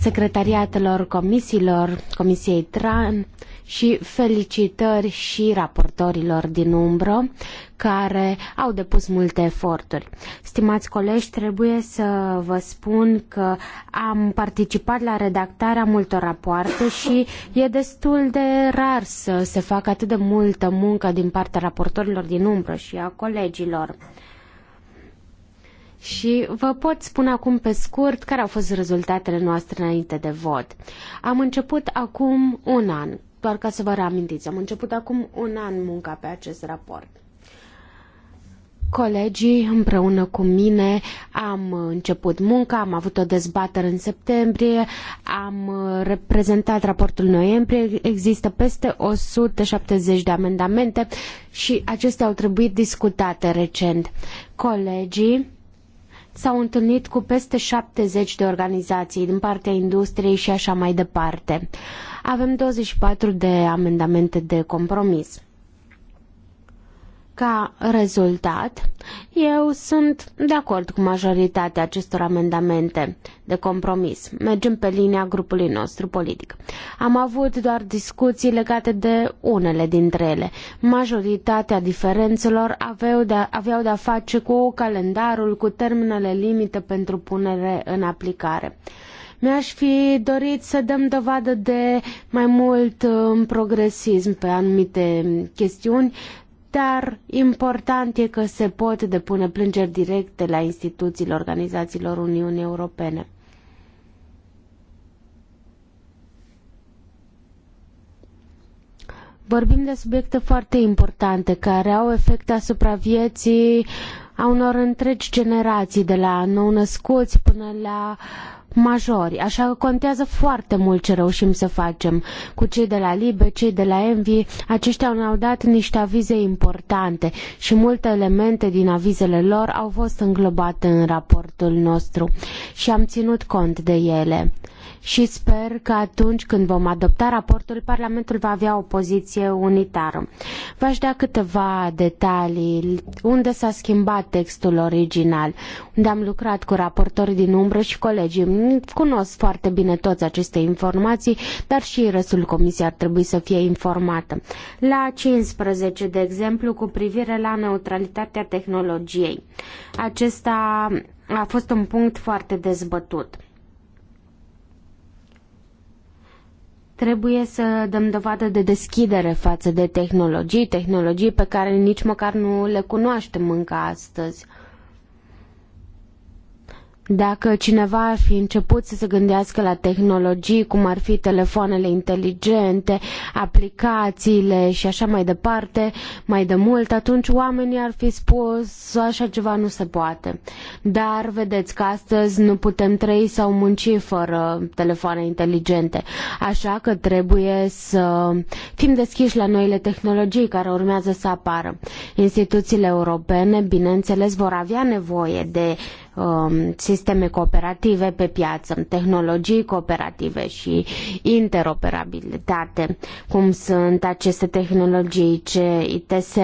Secretariatelor comisiilor, Comisiei TRAN și felicitări și raportorilor din umbră care au depus multe eforturi. Stimați colegi, trebuie să vă spun că am participat la redactarea multor rapoarte și e destul de rar să se facă atât de multă muncă din partea raportorilor din umbră și a colegilor și vă pot spune acum pe scurt care au fost rezultatele noastre înainte de vot. Am început acum un an, doar ca să vă reamintiți, am început acum un an munca pe acest raport. Colegii împreună cu mine am început munca, am avut o dezbatere în septembrie, am reprezentat raportul noiembrie, există peste 170 de amendamente și acestea au trebuit discutate recent. Colegii s-au întâlnit cu peste 70 de organizații din partea industriei și așa mai departe. Avem 24 de amendamente de compromis. Ca rezultat, eu sunt de acord cu majoritatea acestor amendamente de compromis. Mergem pe linia grupului nostru politic. Am avut doar discuții legate de unele dintre ele. Majoritatea diferențelor aveau de, aveau de a face cu calendarul, cu termenele limite pentru punere în aplicare. Mi-aș fi dorit să dăm dovadă de mai mult um, progresism pe anumite chestiuni, dar important e că se pot depune plângeri directe la instituțiile organizațiilor Uniunii Europene. Vorbim de subiecte foarte importante care au efect asupra vieții a unor întregi generații, de la nou-născuți până la uh, majori, așa că contează foarte mult ce reușim să facem. Cu cei de la Libe, cei de la Envi, aceștia ne-au dat niște avize importante și multe elemente din avizele lor au fost înglobate în raportul nostru și am ținut cont de ele și sper că atunci când vom adopta raportul, Parlamentul va avea o poziție unitară. V-aș da câteva detalii unde s-a schimbat textul original, unde am lucrat cu raportori din umbră și colegii. Cunosc foarte bine toți aceste informații, dar și restul comisiei ar trebui să fie informată. La 15, de exemplu, cu privire la neutralitatea tehnologiei. Acesta a fost un punct foarte dezbătut. Trebuie să dăm dovadă de deschidere față de tehnologii, tehnologii pe care nici măcar nu le cunoaștem încă astăzi. Dacă cineva ar fi început să se gândească la tehnologii, cum ar fi telefoanele inteligente, aplicațiile și așa mai departe, mai de mult, atunci oamenii ar fi spus așa ceva nu se poate. Dar vedeți că astăzi nu putem trăi sau munci fără telefoane inteligente. Așa că trebuie să fim deschiși la noile tehnologii care urmează să apară. Instituțiile europene, bineînțeles, vor avea nevoie de Um, sisteme cooperative pe piață, tehnologii cooperative și interoperabilitate, cum sunt aceste tehnologii CITS,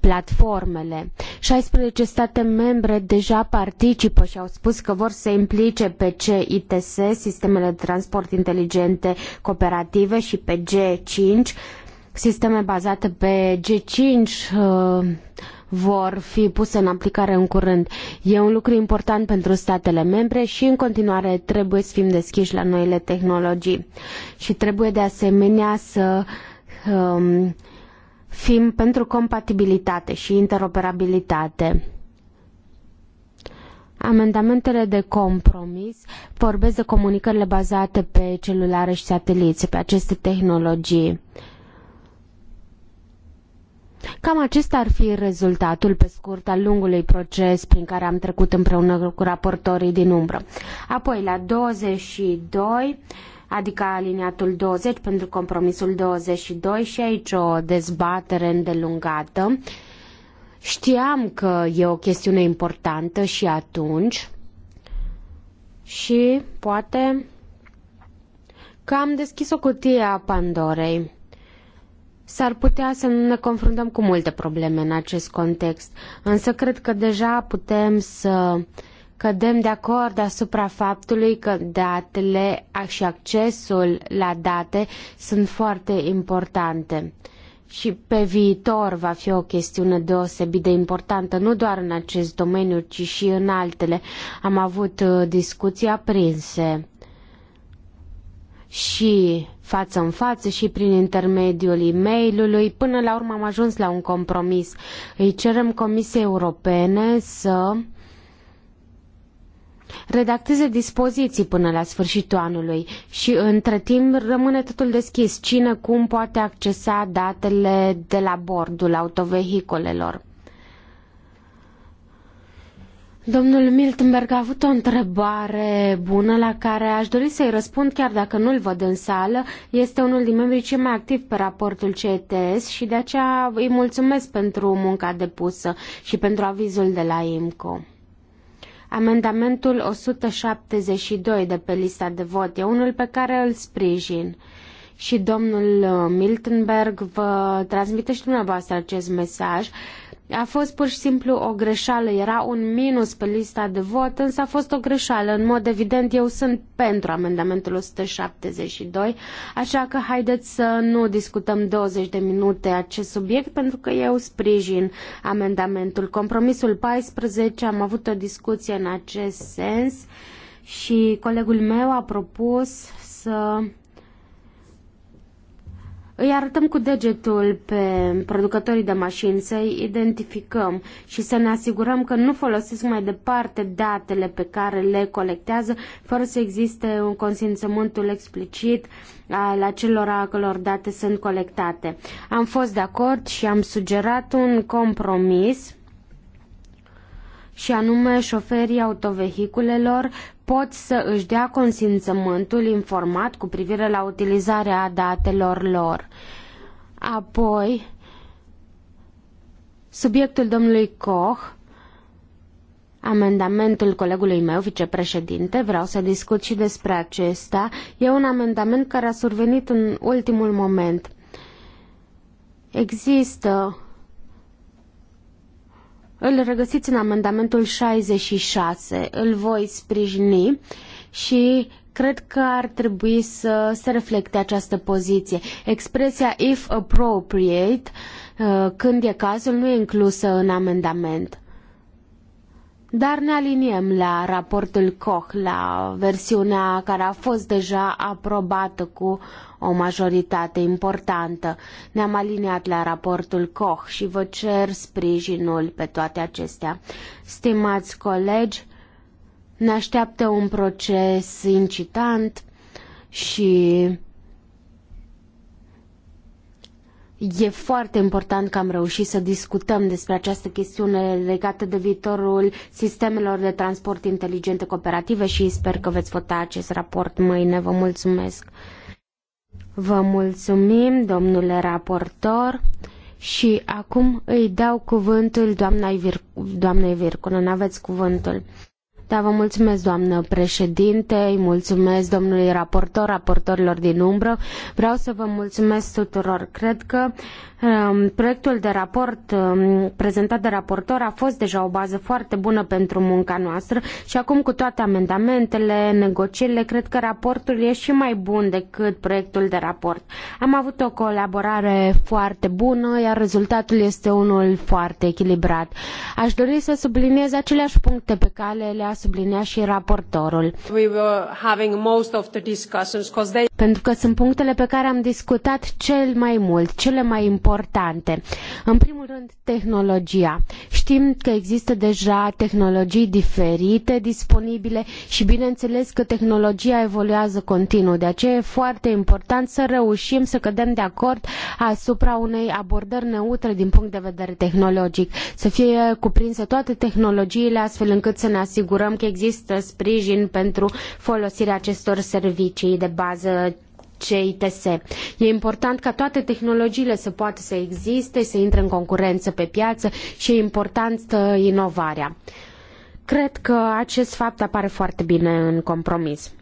platformele. 16 state membre deja participă și au spus că vor să implice pe CITS, sistemele de transport inteligente cooperative și pe G5, sisteme bazate pe G5, uh, vor fi puse în aplicare în curând. E un lucru important pentru statele membre și în continuare trebuie să fim deschiși la noile tehnologii. Și trebuie de asemenea să um, fim pentru compatibilitate și interoperabilitate. Amendamentele de compromis vorbesc de comunicările bazate pe celulare și sateliți, pe aceste tehnologii. Cam acesta ar fi rezultatul pe scurt al lungului proces prin care am trecut împreună cu raportorii din umbră. Apoi, la 22, adică aliniatul 20 pentru compromisul 22 și aici o dezbatere îndelungată. Știam că e o chestiune importantă și atunci și poate că am deschis o cutie a Pandorei. S-ar putea să ne confruntăm cu multe probleme în acest context, însă cred că deja putem să cădem de acord asupra faptului că datele și accesul la date sunt foarte importante. Și pe viitor va fi o chestiune deosebit de importantă, nu doar în acest domeniu, ci și în altele. Am avut uh, discuții aprinse și față în față și prin intermediul e-mailului. Până la urmă am ajuns la un compromis. Îi cerem Comisiei Europene să redacteze dispoziții până la sfârșitul anului și între timp rămâne totul deschis cine cum poate accesa datele de la bordul autovehicolelor. Domnul Miltenberg a avut o întrebare bună la care aș dori să-i răspund chiar dacă nu-l văd în sală. Este unul din membrii cei mai activi pe raportul CETS și de aceea îi mulțumesc pentru munca depusă și pentru avizul de la IMCO. Amendamentul 172 de pe lista de vot e unul pe care îl sprijin. Și domnul Miltenberg vă transmite și dumneavoastră acest mesaj a fost pur și simplu o greșeală, era un minus pe lista de vot, însă a fost o greșeală. În mod evident, eu sunt pentru amendamentul 172, așa că haideți să nu discutăm 20 de minute acest subiect, pentru că eu sprijin amendamentul. Compromisul 14, am avut o discuție în acest sens și colegul meu a propus să îi arătăm cu degetul pe producătorii de mașini, să-i identificăm și să ne asigurăm că nu folosesc mai departe datele pe care le colectează, fără să existe un consimțământul explicit al acelora călor date sunt colectate. Am fost de acord și am sugerat un compromis și anume șoferii autovehiculelor pot să își dea consimțământul informat cu privire la utilizarea datelor lor. Apoi, subiectul domnului Koch, amendamentul colegului meu, vicepreședinte, vreau să discut și despre acesta, e un amendament care a survenit în ultimul moment. Există îl regăsiți în amendamentul 66. Îl voi sprijini și cred că ar trebui să se reflecte această poziție. Expresia if appropriate, uh, când e cazul, nu e inclusă în amendament. Dar ne aliniem la raportul Koch, la versiunea care a fost deja aprobată cu o majoritate importantă. Ne-am aliniat la raportul Koch și vă cer sprijinul pe toate acestea. Stimați colegi, ne așteaptă un proces incitant și E foarte important că am reușit să discutăm despre această chestiune legată de viitorul sistemelor de transport inteligente cooperative și sper că veți vota acest raport mâine. Vă mulțumesc! Vă mulțumim, domnule raportor, și acum îi dau cuvântul doamnei, Vir- doamnei Aveți cuvântul. Da, vă mulțumesc, doamnă președinte, îi mulțumesc domnului raportor, raportorilor din umbră. Vreau să vă mulțumesc tuturor. Cred că um, proiectul de raport um, prezentat de raportor a fost deja o bază foarte bună pentru munca noastră și acum cu toate amendamentele, negocierile, cred că raportul e și mai bun decât proiectul de raport. Am avut o colaborare foarte bună, iar rezultatul este unul foarte echilibrat. Aș dori să subliniez aceleași puncte pe care le-a sublinia și raportorul. We they... Pentru că sunt punctele pe care am discutat cel mai mult, cele mai importante. În primul rând, tehnologia. Știm că există deja tehnologii diferite disponibile și bineînțeles că tehnologia evoluează continuu. De aceea e foarte important să reușim să cădem de acord asupra unei abordări neutre din punct de vedere tehnologic. Să fie cuprinse toate tehnologiile astfel încât să ne asigurăm asigurăm că există sprijin pentru folosirea acestor servicii de bază CITS. E important ca toate tehnologiile să poată să existe, să intre în concurență pe piață și e importantă uh, inovarea. Cred că acest fapt apare foarte bine în compromis.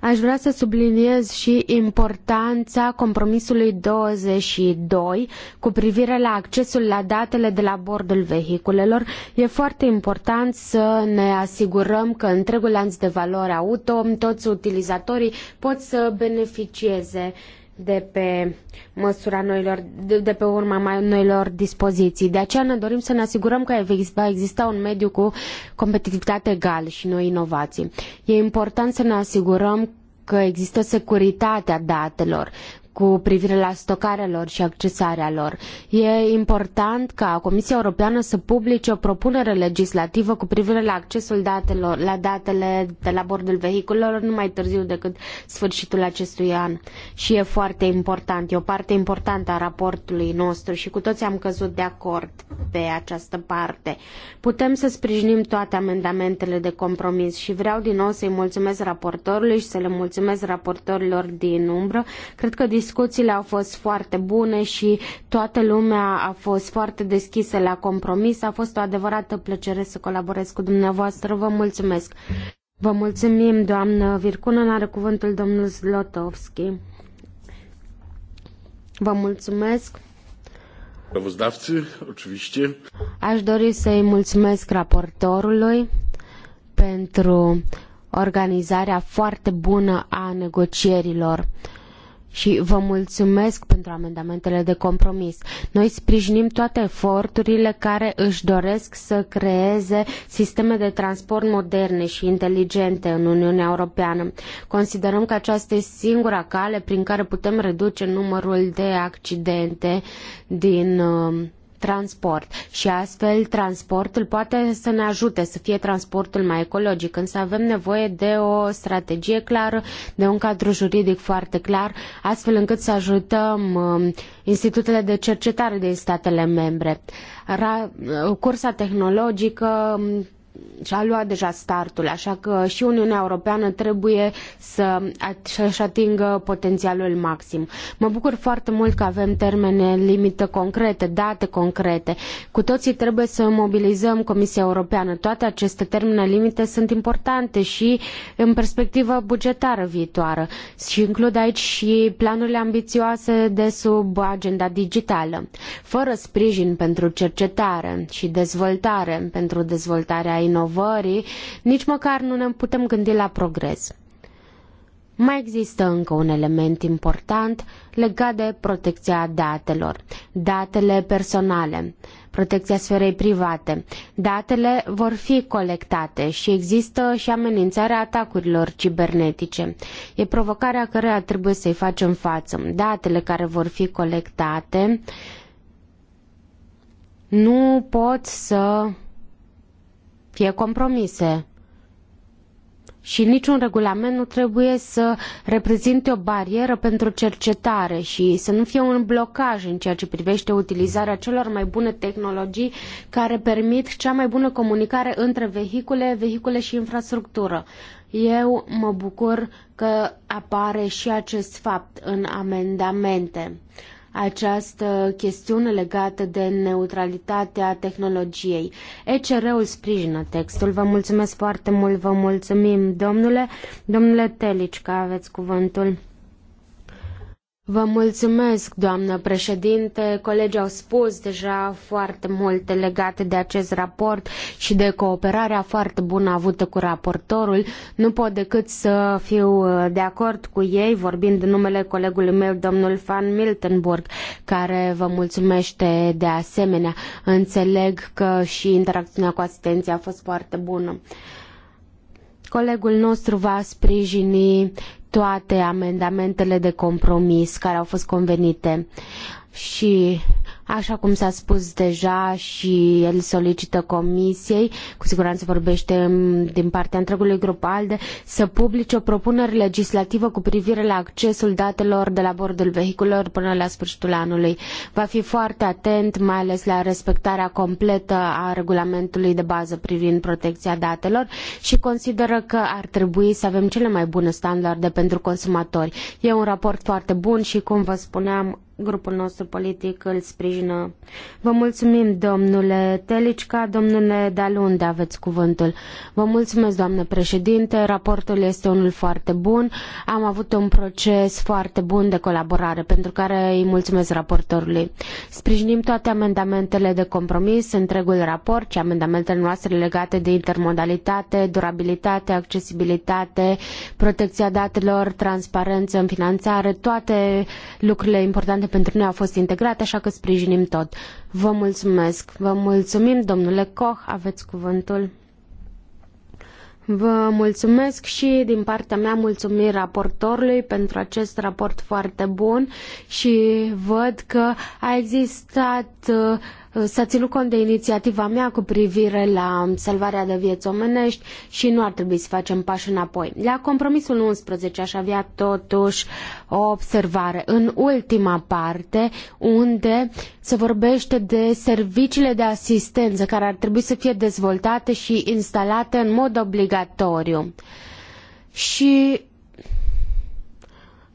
Aș vrea să subliniez și importanța compromisului 22 cu privire la accesul la datele de la bordul vehiculelor. E foarte important să ne asigurăm că întregul lanț de valoare auto, toți utilizatorii pot să beneficieze de pe măsura noilor, de, de pe urma mai noilor dispoziții. De aceea ne dorim să ne asigurăm că va exista un mediu cu competitivitate egală și noi inovații. E important să ne asigurăm că există securitatea datelor cu privire la stocarea lor și accesarea lor. E important ca Comisia Europeană să publice o propunere legislativă cu privire la accesul datelor, la datele de la bordul vehiculelor nu mai târziu decât sfârșitul acestui an. Și e foarte important, e o parte importantă a raportului nostru și cu toți am căzut de acord pe această parte. Putem să sprijinim toate amendamentele de compromis și vreau din nou să-i mulțumesc raportorului și să le mulțumesc raportorilor din umbră. Cred că Discuțiile au fost foarte bune și toată lumea a fost foarte deschisă la compromis. A fost o adevărată plăcere să colaborez cu dumneavoastră. Vă mulțumesc! Vă mulțumim, doamnă Vircună. Are cuvântul domnul Zlotovski. Vă mulțumesc! Aș dori să-i mulțumesc raportorului pentru organizarea foarte bună a negocierilor și vă mulțumesc pentru amendamentele de compromis. Noi sprijinim toate eforturile care își doresc să creeze sisteme de transport moderne și inteligente în Uniunea Europeană. Considerăm că aceasta este singura cale prin care putem reduce numărul de accidente din uh, transport și astfel transportul poate să ne ajute să fie transportul mai ecologic, însă avem nevoie de o strategie clară, de un cadru juridic foarte clar, astfel încât să ajutăm um, institutele de cercetare din statele membre. Ra- uh, cursa tehnologică um, și-a luat deja startul, așa că și Uniunea Europeană trebuie să își atingă potențialul maxim. Mă bucur foarte mult că avem termene limită concrete, date concrete. Cu toții trebuie să mobilizăm Comisia Europeană. Toate aceste termene limite sunt importante și în perspectivă bugetară viitoară și includ aici și planurile ambițioase de sub agenda digitală. Fără sprijin pentru cercetare și dezvoltare, pentru dezvoltarea inovării, nici măcar nu ne putem gândi la progres. Mai există încă un element important legat de protecția datelor, datele personale, protecția sferei private. Datele vor fi colectate și există și amenințarea atacurilor cibernetice. E provocarea căreia trebuie să-i facem față. Datele care vor fi colectate nu pot să fie compromise. Și niciun regulament nu trebuie să reprezinte o barieră pentru cercetare și să nu fie un blocaj în ceea ce privește utilizarea celor mai bune tehnologii care permit cea mai bună comunicare între vehicule, vehicule și infrastructură. Eu mă bucur că apare și acest fapt în amendamente această chestiune legată de neutralitatea tehnologiei. ECR-ul sprijină textul. Vă mulțumesc foarte mult, vă mulțumim, domnule. Domnule Telici, că aveți cuvântul. Vă mulțumesc, doamnă președinte. Colegii au spus deja foarte multe legate de acest raport și de cooperarea foarte bună avută cu raportorul. Nu pot decât să fiu uh, de acord cu ei, vorbind în numele colegului meu, domnul Van Miltenburg, care vă mulțumește de asemenea. Înțeleg că și interacțiunea cu asistenția a fost foarte bună. Uh, colegul nostru va sprijini toate amendamentele de compromis care au fost convenite și Așa cum s-a spus deja și el solicită comisiei, cu siguranță vorbește din partea întregului grup ALDE, să publice o propunere legislativă cu privire la accesul datelor de la bordul vehiculelor până la sfârșitul anului. Va fi foarte atent, mai ales la respectarea completă a regulamentului de bază privind protecția datelor și consideră că ar trebui să avem cele mai bune standarde pentru consumatori. E un raport foarte bun și, cum vă spuneam, grupul nostru politic îl sprijină. Vă mulțumim, domnule Telicca, domnule Dalunde, aveți cuvântul. Vă mulțumesc, doamnă președinte, raportul este unul foarte bun. Am avut un proces foarte bun de colaborare, pentru care îi mulțumesc raportorului. Sprijinim toate amendamentele de compromis, întregul raport și amendamentele noastre legate de intermodalitate, durabilitate, accesibilitate, protecția datelor, transparență în finanțare, toate lucrurile importante importante pentru noi au fost integrate, așa că sprijinim tot. Vă mulțumesc. Vă mulțumim, domnule Koch, aveți cuvântul. Vă mulțumesc și din partea mea mulțumim raportorului pentru acest raport foarte bun și văd că a existat uh, s-a ținut cont de inițiativa mea cu privire la salvarea de vieți omenești și nu ar trebui să facem pași înapoi. La compromisul 11 aș avea totuși o observare. În ultima parte, unde se vorbește de serviciile de asistență care ar trebui să fie dezvoltate și instalate în mod obligatoriu. Și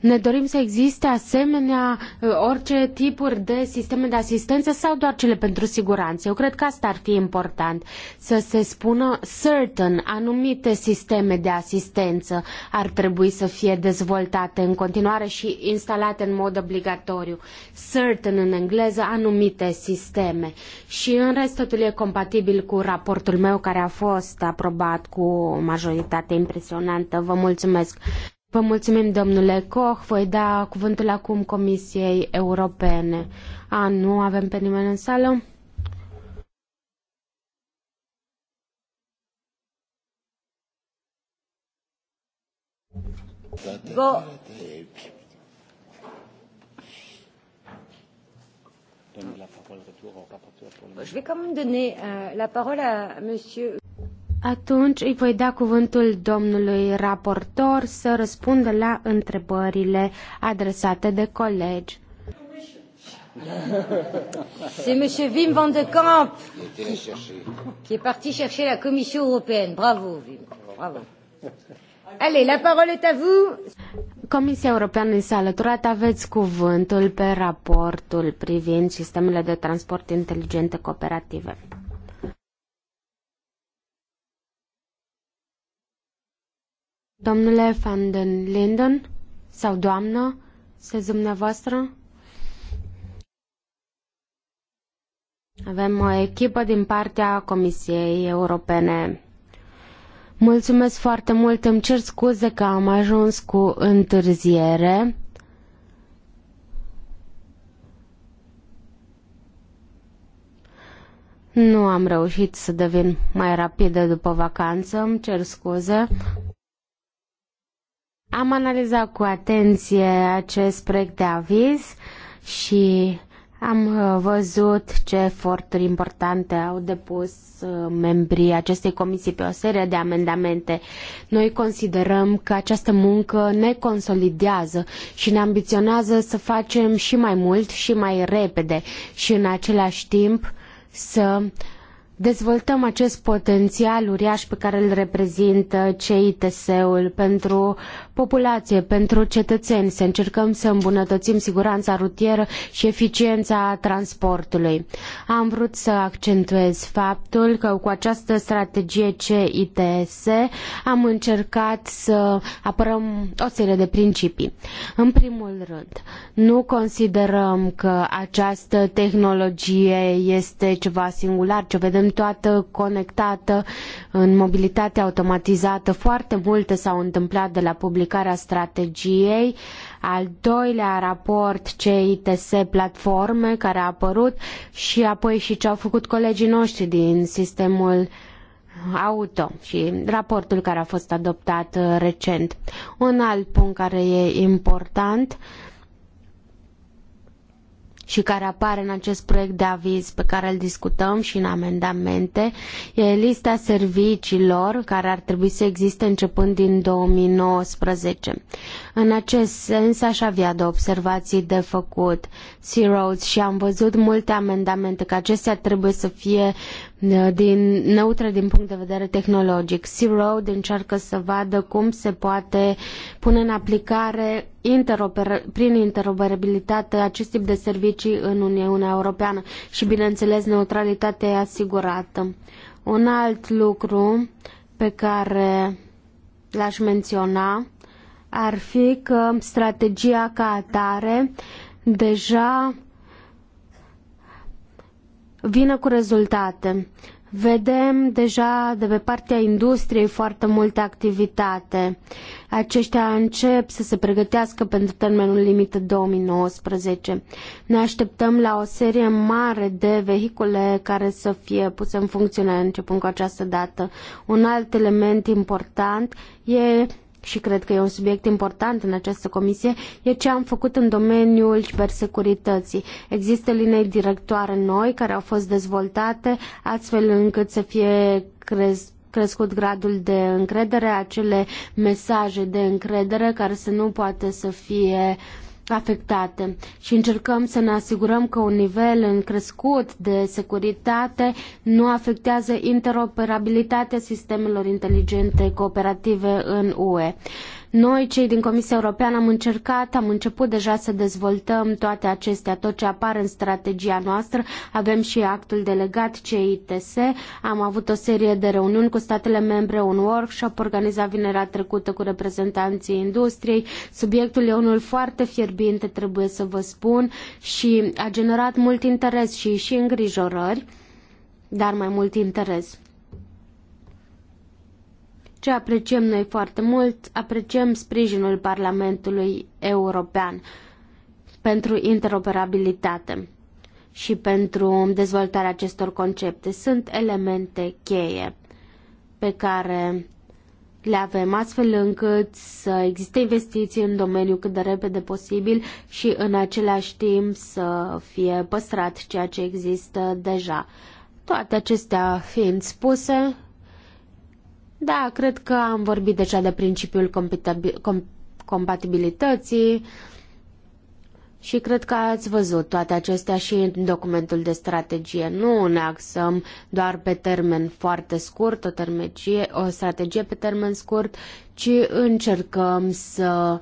ne dorim să existe asemenea uh, orice tipuri de sisteme de asistență sau doar cele pentru siguranță. Eu cred că asta ar fi important, să se spună certain, anumite sisteme de asistență ar trebui să fie dezvoltate în continuare și instalate în mod obligatoriu. Certain în engleză, anumite sisteme. Și în rest totul e compatibil cu raportul meu care a fost aprobat cu o majoritate impresionantă. Vă mulțumesc! Vă mulțumim, domnule Koch. Voi da cuvântul acum Comisiei Europene. A, nu avem pe nimeni în sală? Go. Je vais quand même donner euh, la parole à Monsieur atunci îi voi da cuvântul domnului raportor să răspundă la întrebările adresate de colegi. C'est Monsieur Wim van de Kamp qui, qui est parti chercher la Commission européenne. Bravo, Wim. Bravo. Allez, la parole est à vous. Comisia Europeană s-a alăturat. Aveți cuvântul pe raportul privind sistemele de transport inteligente cooperative. Domnule Van den Linden sau doamnă, se dumneavoastră? Avem o echipă din partea Comisiei Europene. Mulțumesc foarte mult, îmi cer scuze că am ajuns cu întârziere. Nu am reușit să devin mai rapidă după vacanță, îmi cer scuze. Am analizat cu atenție acest proiect de aviz și am uh, văzut ce eforturi importante au depus uh, membrii acestei comisii pe o serie de amendamente. Noi considerăm că această muncă ne consolidează și ne ambiționează să facem și mai mult și mai repede și în același timp să dezvoltăm acest potențial uriaș pe care îl reprezintă CITS-ul pentru populație, pentru cetățeni, să încercăm să îmbunătățim siguranța rutieră și eficiența transportului. Am vrut să accentuez faptul că cu această strategie CITS am încercat să apărăm o serie de principii. În primul rând, nu considerăm că această tehnologie este ceva singular, ce vedem toată conectată în mobilitate automatizată. Foarte multe s-au întâmplat de la public aplicarea strategiei, al doilea raport CITS Platforme care a apărut și apoi și ce au făcut colegii noștri din sistemul auto și raportul care a fost adoptat uh, recent. Un alt punct care e important și care apare în acest proiect de aviz pe care îl discutăm și în amendamente e lista serviciilor care ar trebui să existe începând din 2019. În acest sens aș avea de observații de făcut. Sea Roads și am văzut multe amendamente că acestea trebuie să fie din, neutră din punct de vedere tehnologic. Sea Road încearcă să vadă cum se poate pune în aplicare interoper, prin interoperabilitate acest tip de servicii în Uniunea Europeană și, bineînțeles, neutralitatea e asigurată. Un alt lucru pe care l-aș menționa ar fi că strategia ca atare deja vină cu rezultate. Vedem deja de pe partea industriei foarte multă activitate. Aceștia încep să se pregătească pentru termenul limită 2019. Ne așteptăm la o serie mare de vehicule care să fie puse în funcțiune începând cu această dată. Un alt element important e și cred că e un subiect important în această comisie, e ce am făcut în domeniul cibersecurității. Există linii directoare noi care au fost dezvoltate astfel încât să fie crez- crescut gradul de încredere, acele mesaje de încredere care să nu poate să fie uh, afectate și încercăm să ne asigurăm că un nivel în crescut de securitate nu afectează interoperabilitatea sistemelor inteligente cooperative în UE. Noi, cei din Comisia Europeană, am încercat, am început deja să dezvoltăm toate acestea, tot ce apare în strategia noastră. Avem și actul delegat CITS, am avut o serie de reuniuni cu statele membre, un workshop organizat vinerea trecută cu reprezentanții industriei. Subiectul e unul foarte fierbinte, trebuie să vă spun, și a generat mult interes și și îngrijorări, dar mai mult interes ce apreciem noi foarte mult, apreciem sprijinul Parlamentului European pentru interoperabilitate și pentru dezvoltarea acestor concepte. Sunt elemente cheie pe care le avem astfel încât să existe investiții în domeniu cât de repede posibil și în același timp să fie păstrat ceea ce există deja. Toate acestea fiind spuse, da, cred că am vorbit deja de principiul compatibilității și cred că ați văzut toate acestea și în documentul de strategie. Nu ne axăm doar pe termen foarte scurt, o, termegie, o strategie pe termen scurt, ci încercăm să uh,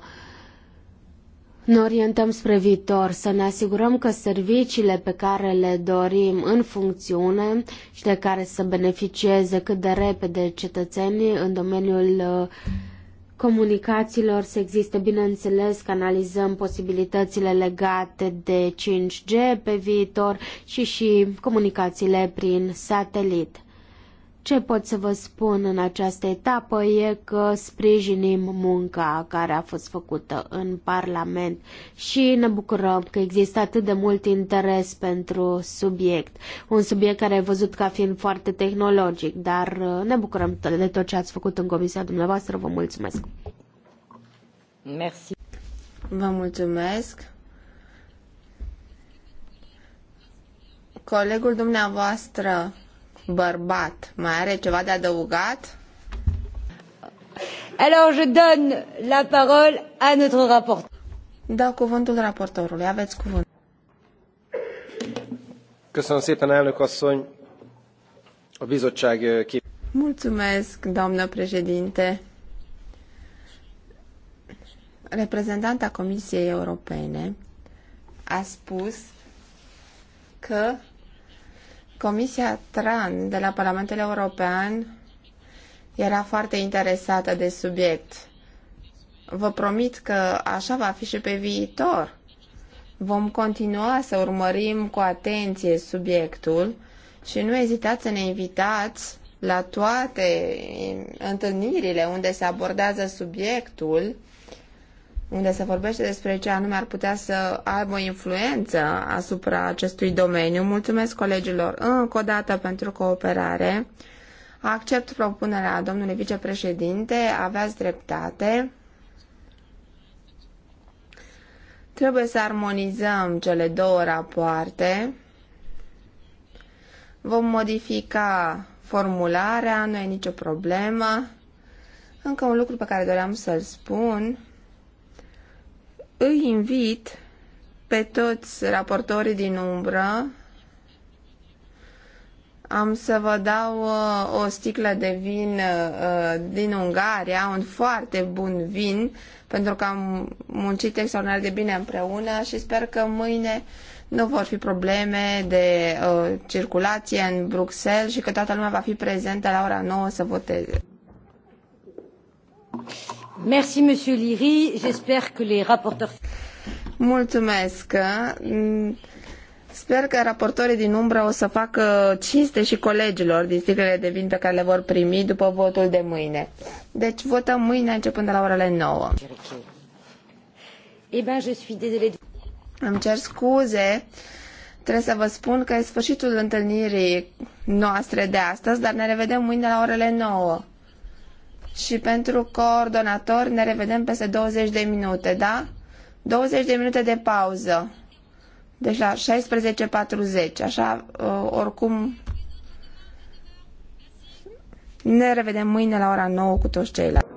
ne orientăm spre viitor, să ne asigurăm că serviciile pe care le dorim în funcțiune și de care să beneficieze cât de repede cetățenii în domeniul uh, comunicațiilor să existe, bineînțeles, că analizăm posibilitățile legate de 5G pe viitor și și comunicațiile prin satelit. Ce pot să vă spun în această etapă e că sprijinim munca care a fost făcută în Parlament și ne bucurăm că există atât de mult interes pentru subiect. Un subiect care e văzut ca fiind foarte tehnologic, dar uh, ne bucurăm de tot ce ați făcut în comisia dumneavoastră. Vă mulțumesc! Merci. Vă mulțumesc! Colegul dumneavoastră bărbat mai are ceva de adăugat? Alors je donne la parole à notre rapporteur. Da cuvântul raportorului. Aveți cuvânt. Köszönöm szépen, elnök asszony. A bizottság eh, kép... Mulțumesc, doamnă președinte. Reprezentanta Comisiei Europene a spus că Comisia TRAN de la Parlamentul European era foarte interesată de subiect. Vă promit că așa va fi și pe viitor. Vom continua să urmărim cu atenție subiectul și nu ezitați să ne invitați la toate întâlnirile unde se abordează subiectul unde se vorbește despre ce anume ar putea să aibă o influență asupra acestui domeniu. Mulțumesc colegilor încă o dată pentru cooperare. Accept propunerea domnului vicepreședinte, aveați dreptate. Trebuie să armonizăm cele două rapoarte. Vom modifica formularea, nu e nicio problemă. Încă un lucru pe care doream să-l spun îi invit pe toți raportorii din umbră. Am să vă dau uh, o sticlă de vin uh, uh, din Ungaria, un foarte bun vin, pentru că am muncit extraordinar de bine împreună și sper că mâine nu vor fi probleme de uh, circulație în Bruxelles și că toată lumea va fi prezentă la ora 9 să voteze. Mulțumesc. Sper că raportorii din umbră o să facă cinste și colegilor din sticlele de vin pe care le vor primi după votul de mâine. Deci votăm mâine începând de la orele 9. Eh ben, je suis désolée. Îmi cer scuze. Trebuie să vă spun că e sfârșitul întâlnirii noastre de astăzi, dar ne revedem mâine la orele 9 și pentru coordonator ne revedem peste 20 de minute, da? 20 de minute de pauză. Deci la 16.40, așa, uh, oricum ne revedem mâine la ora 9 cu toți ceilalți.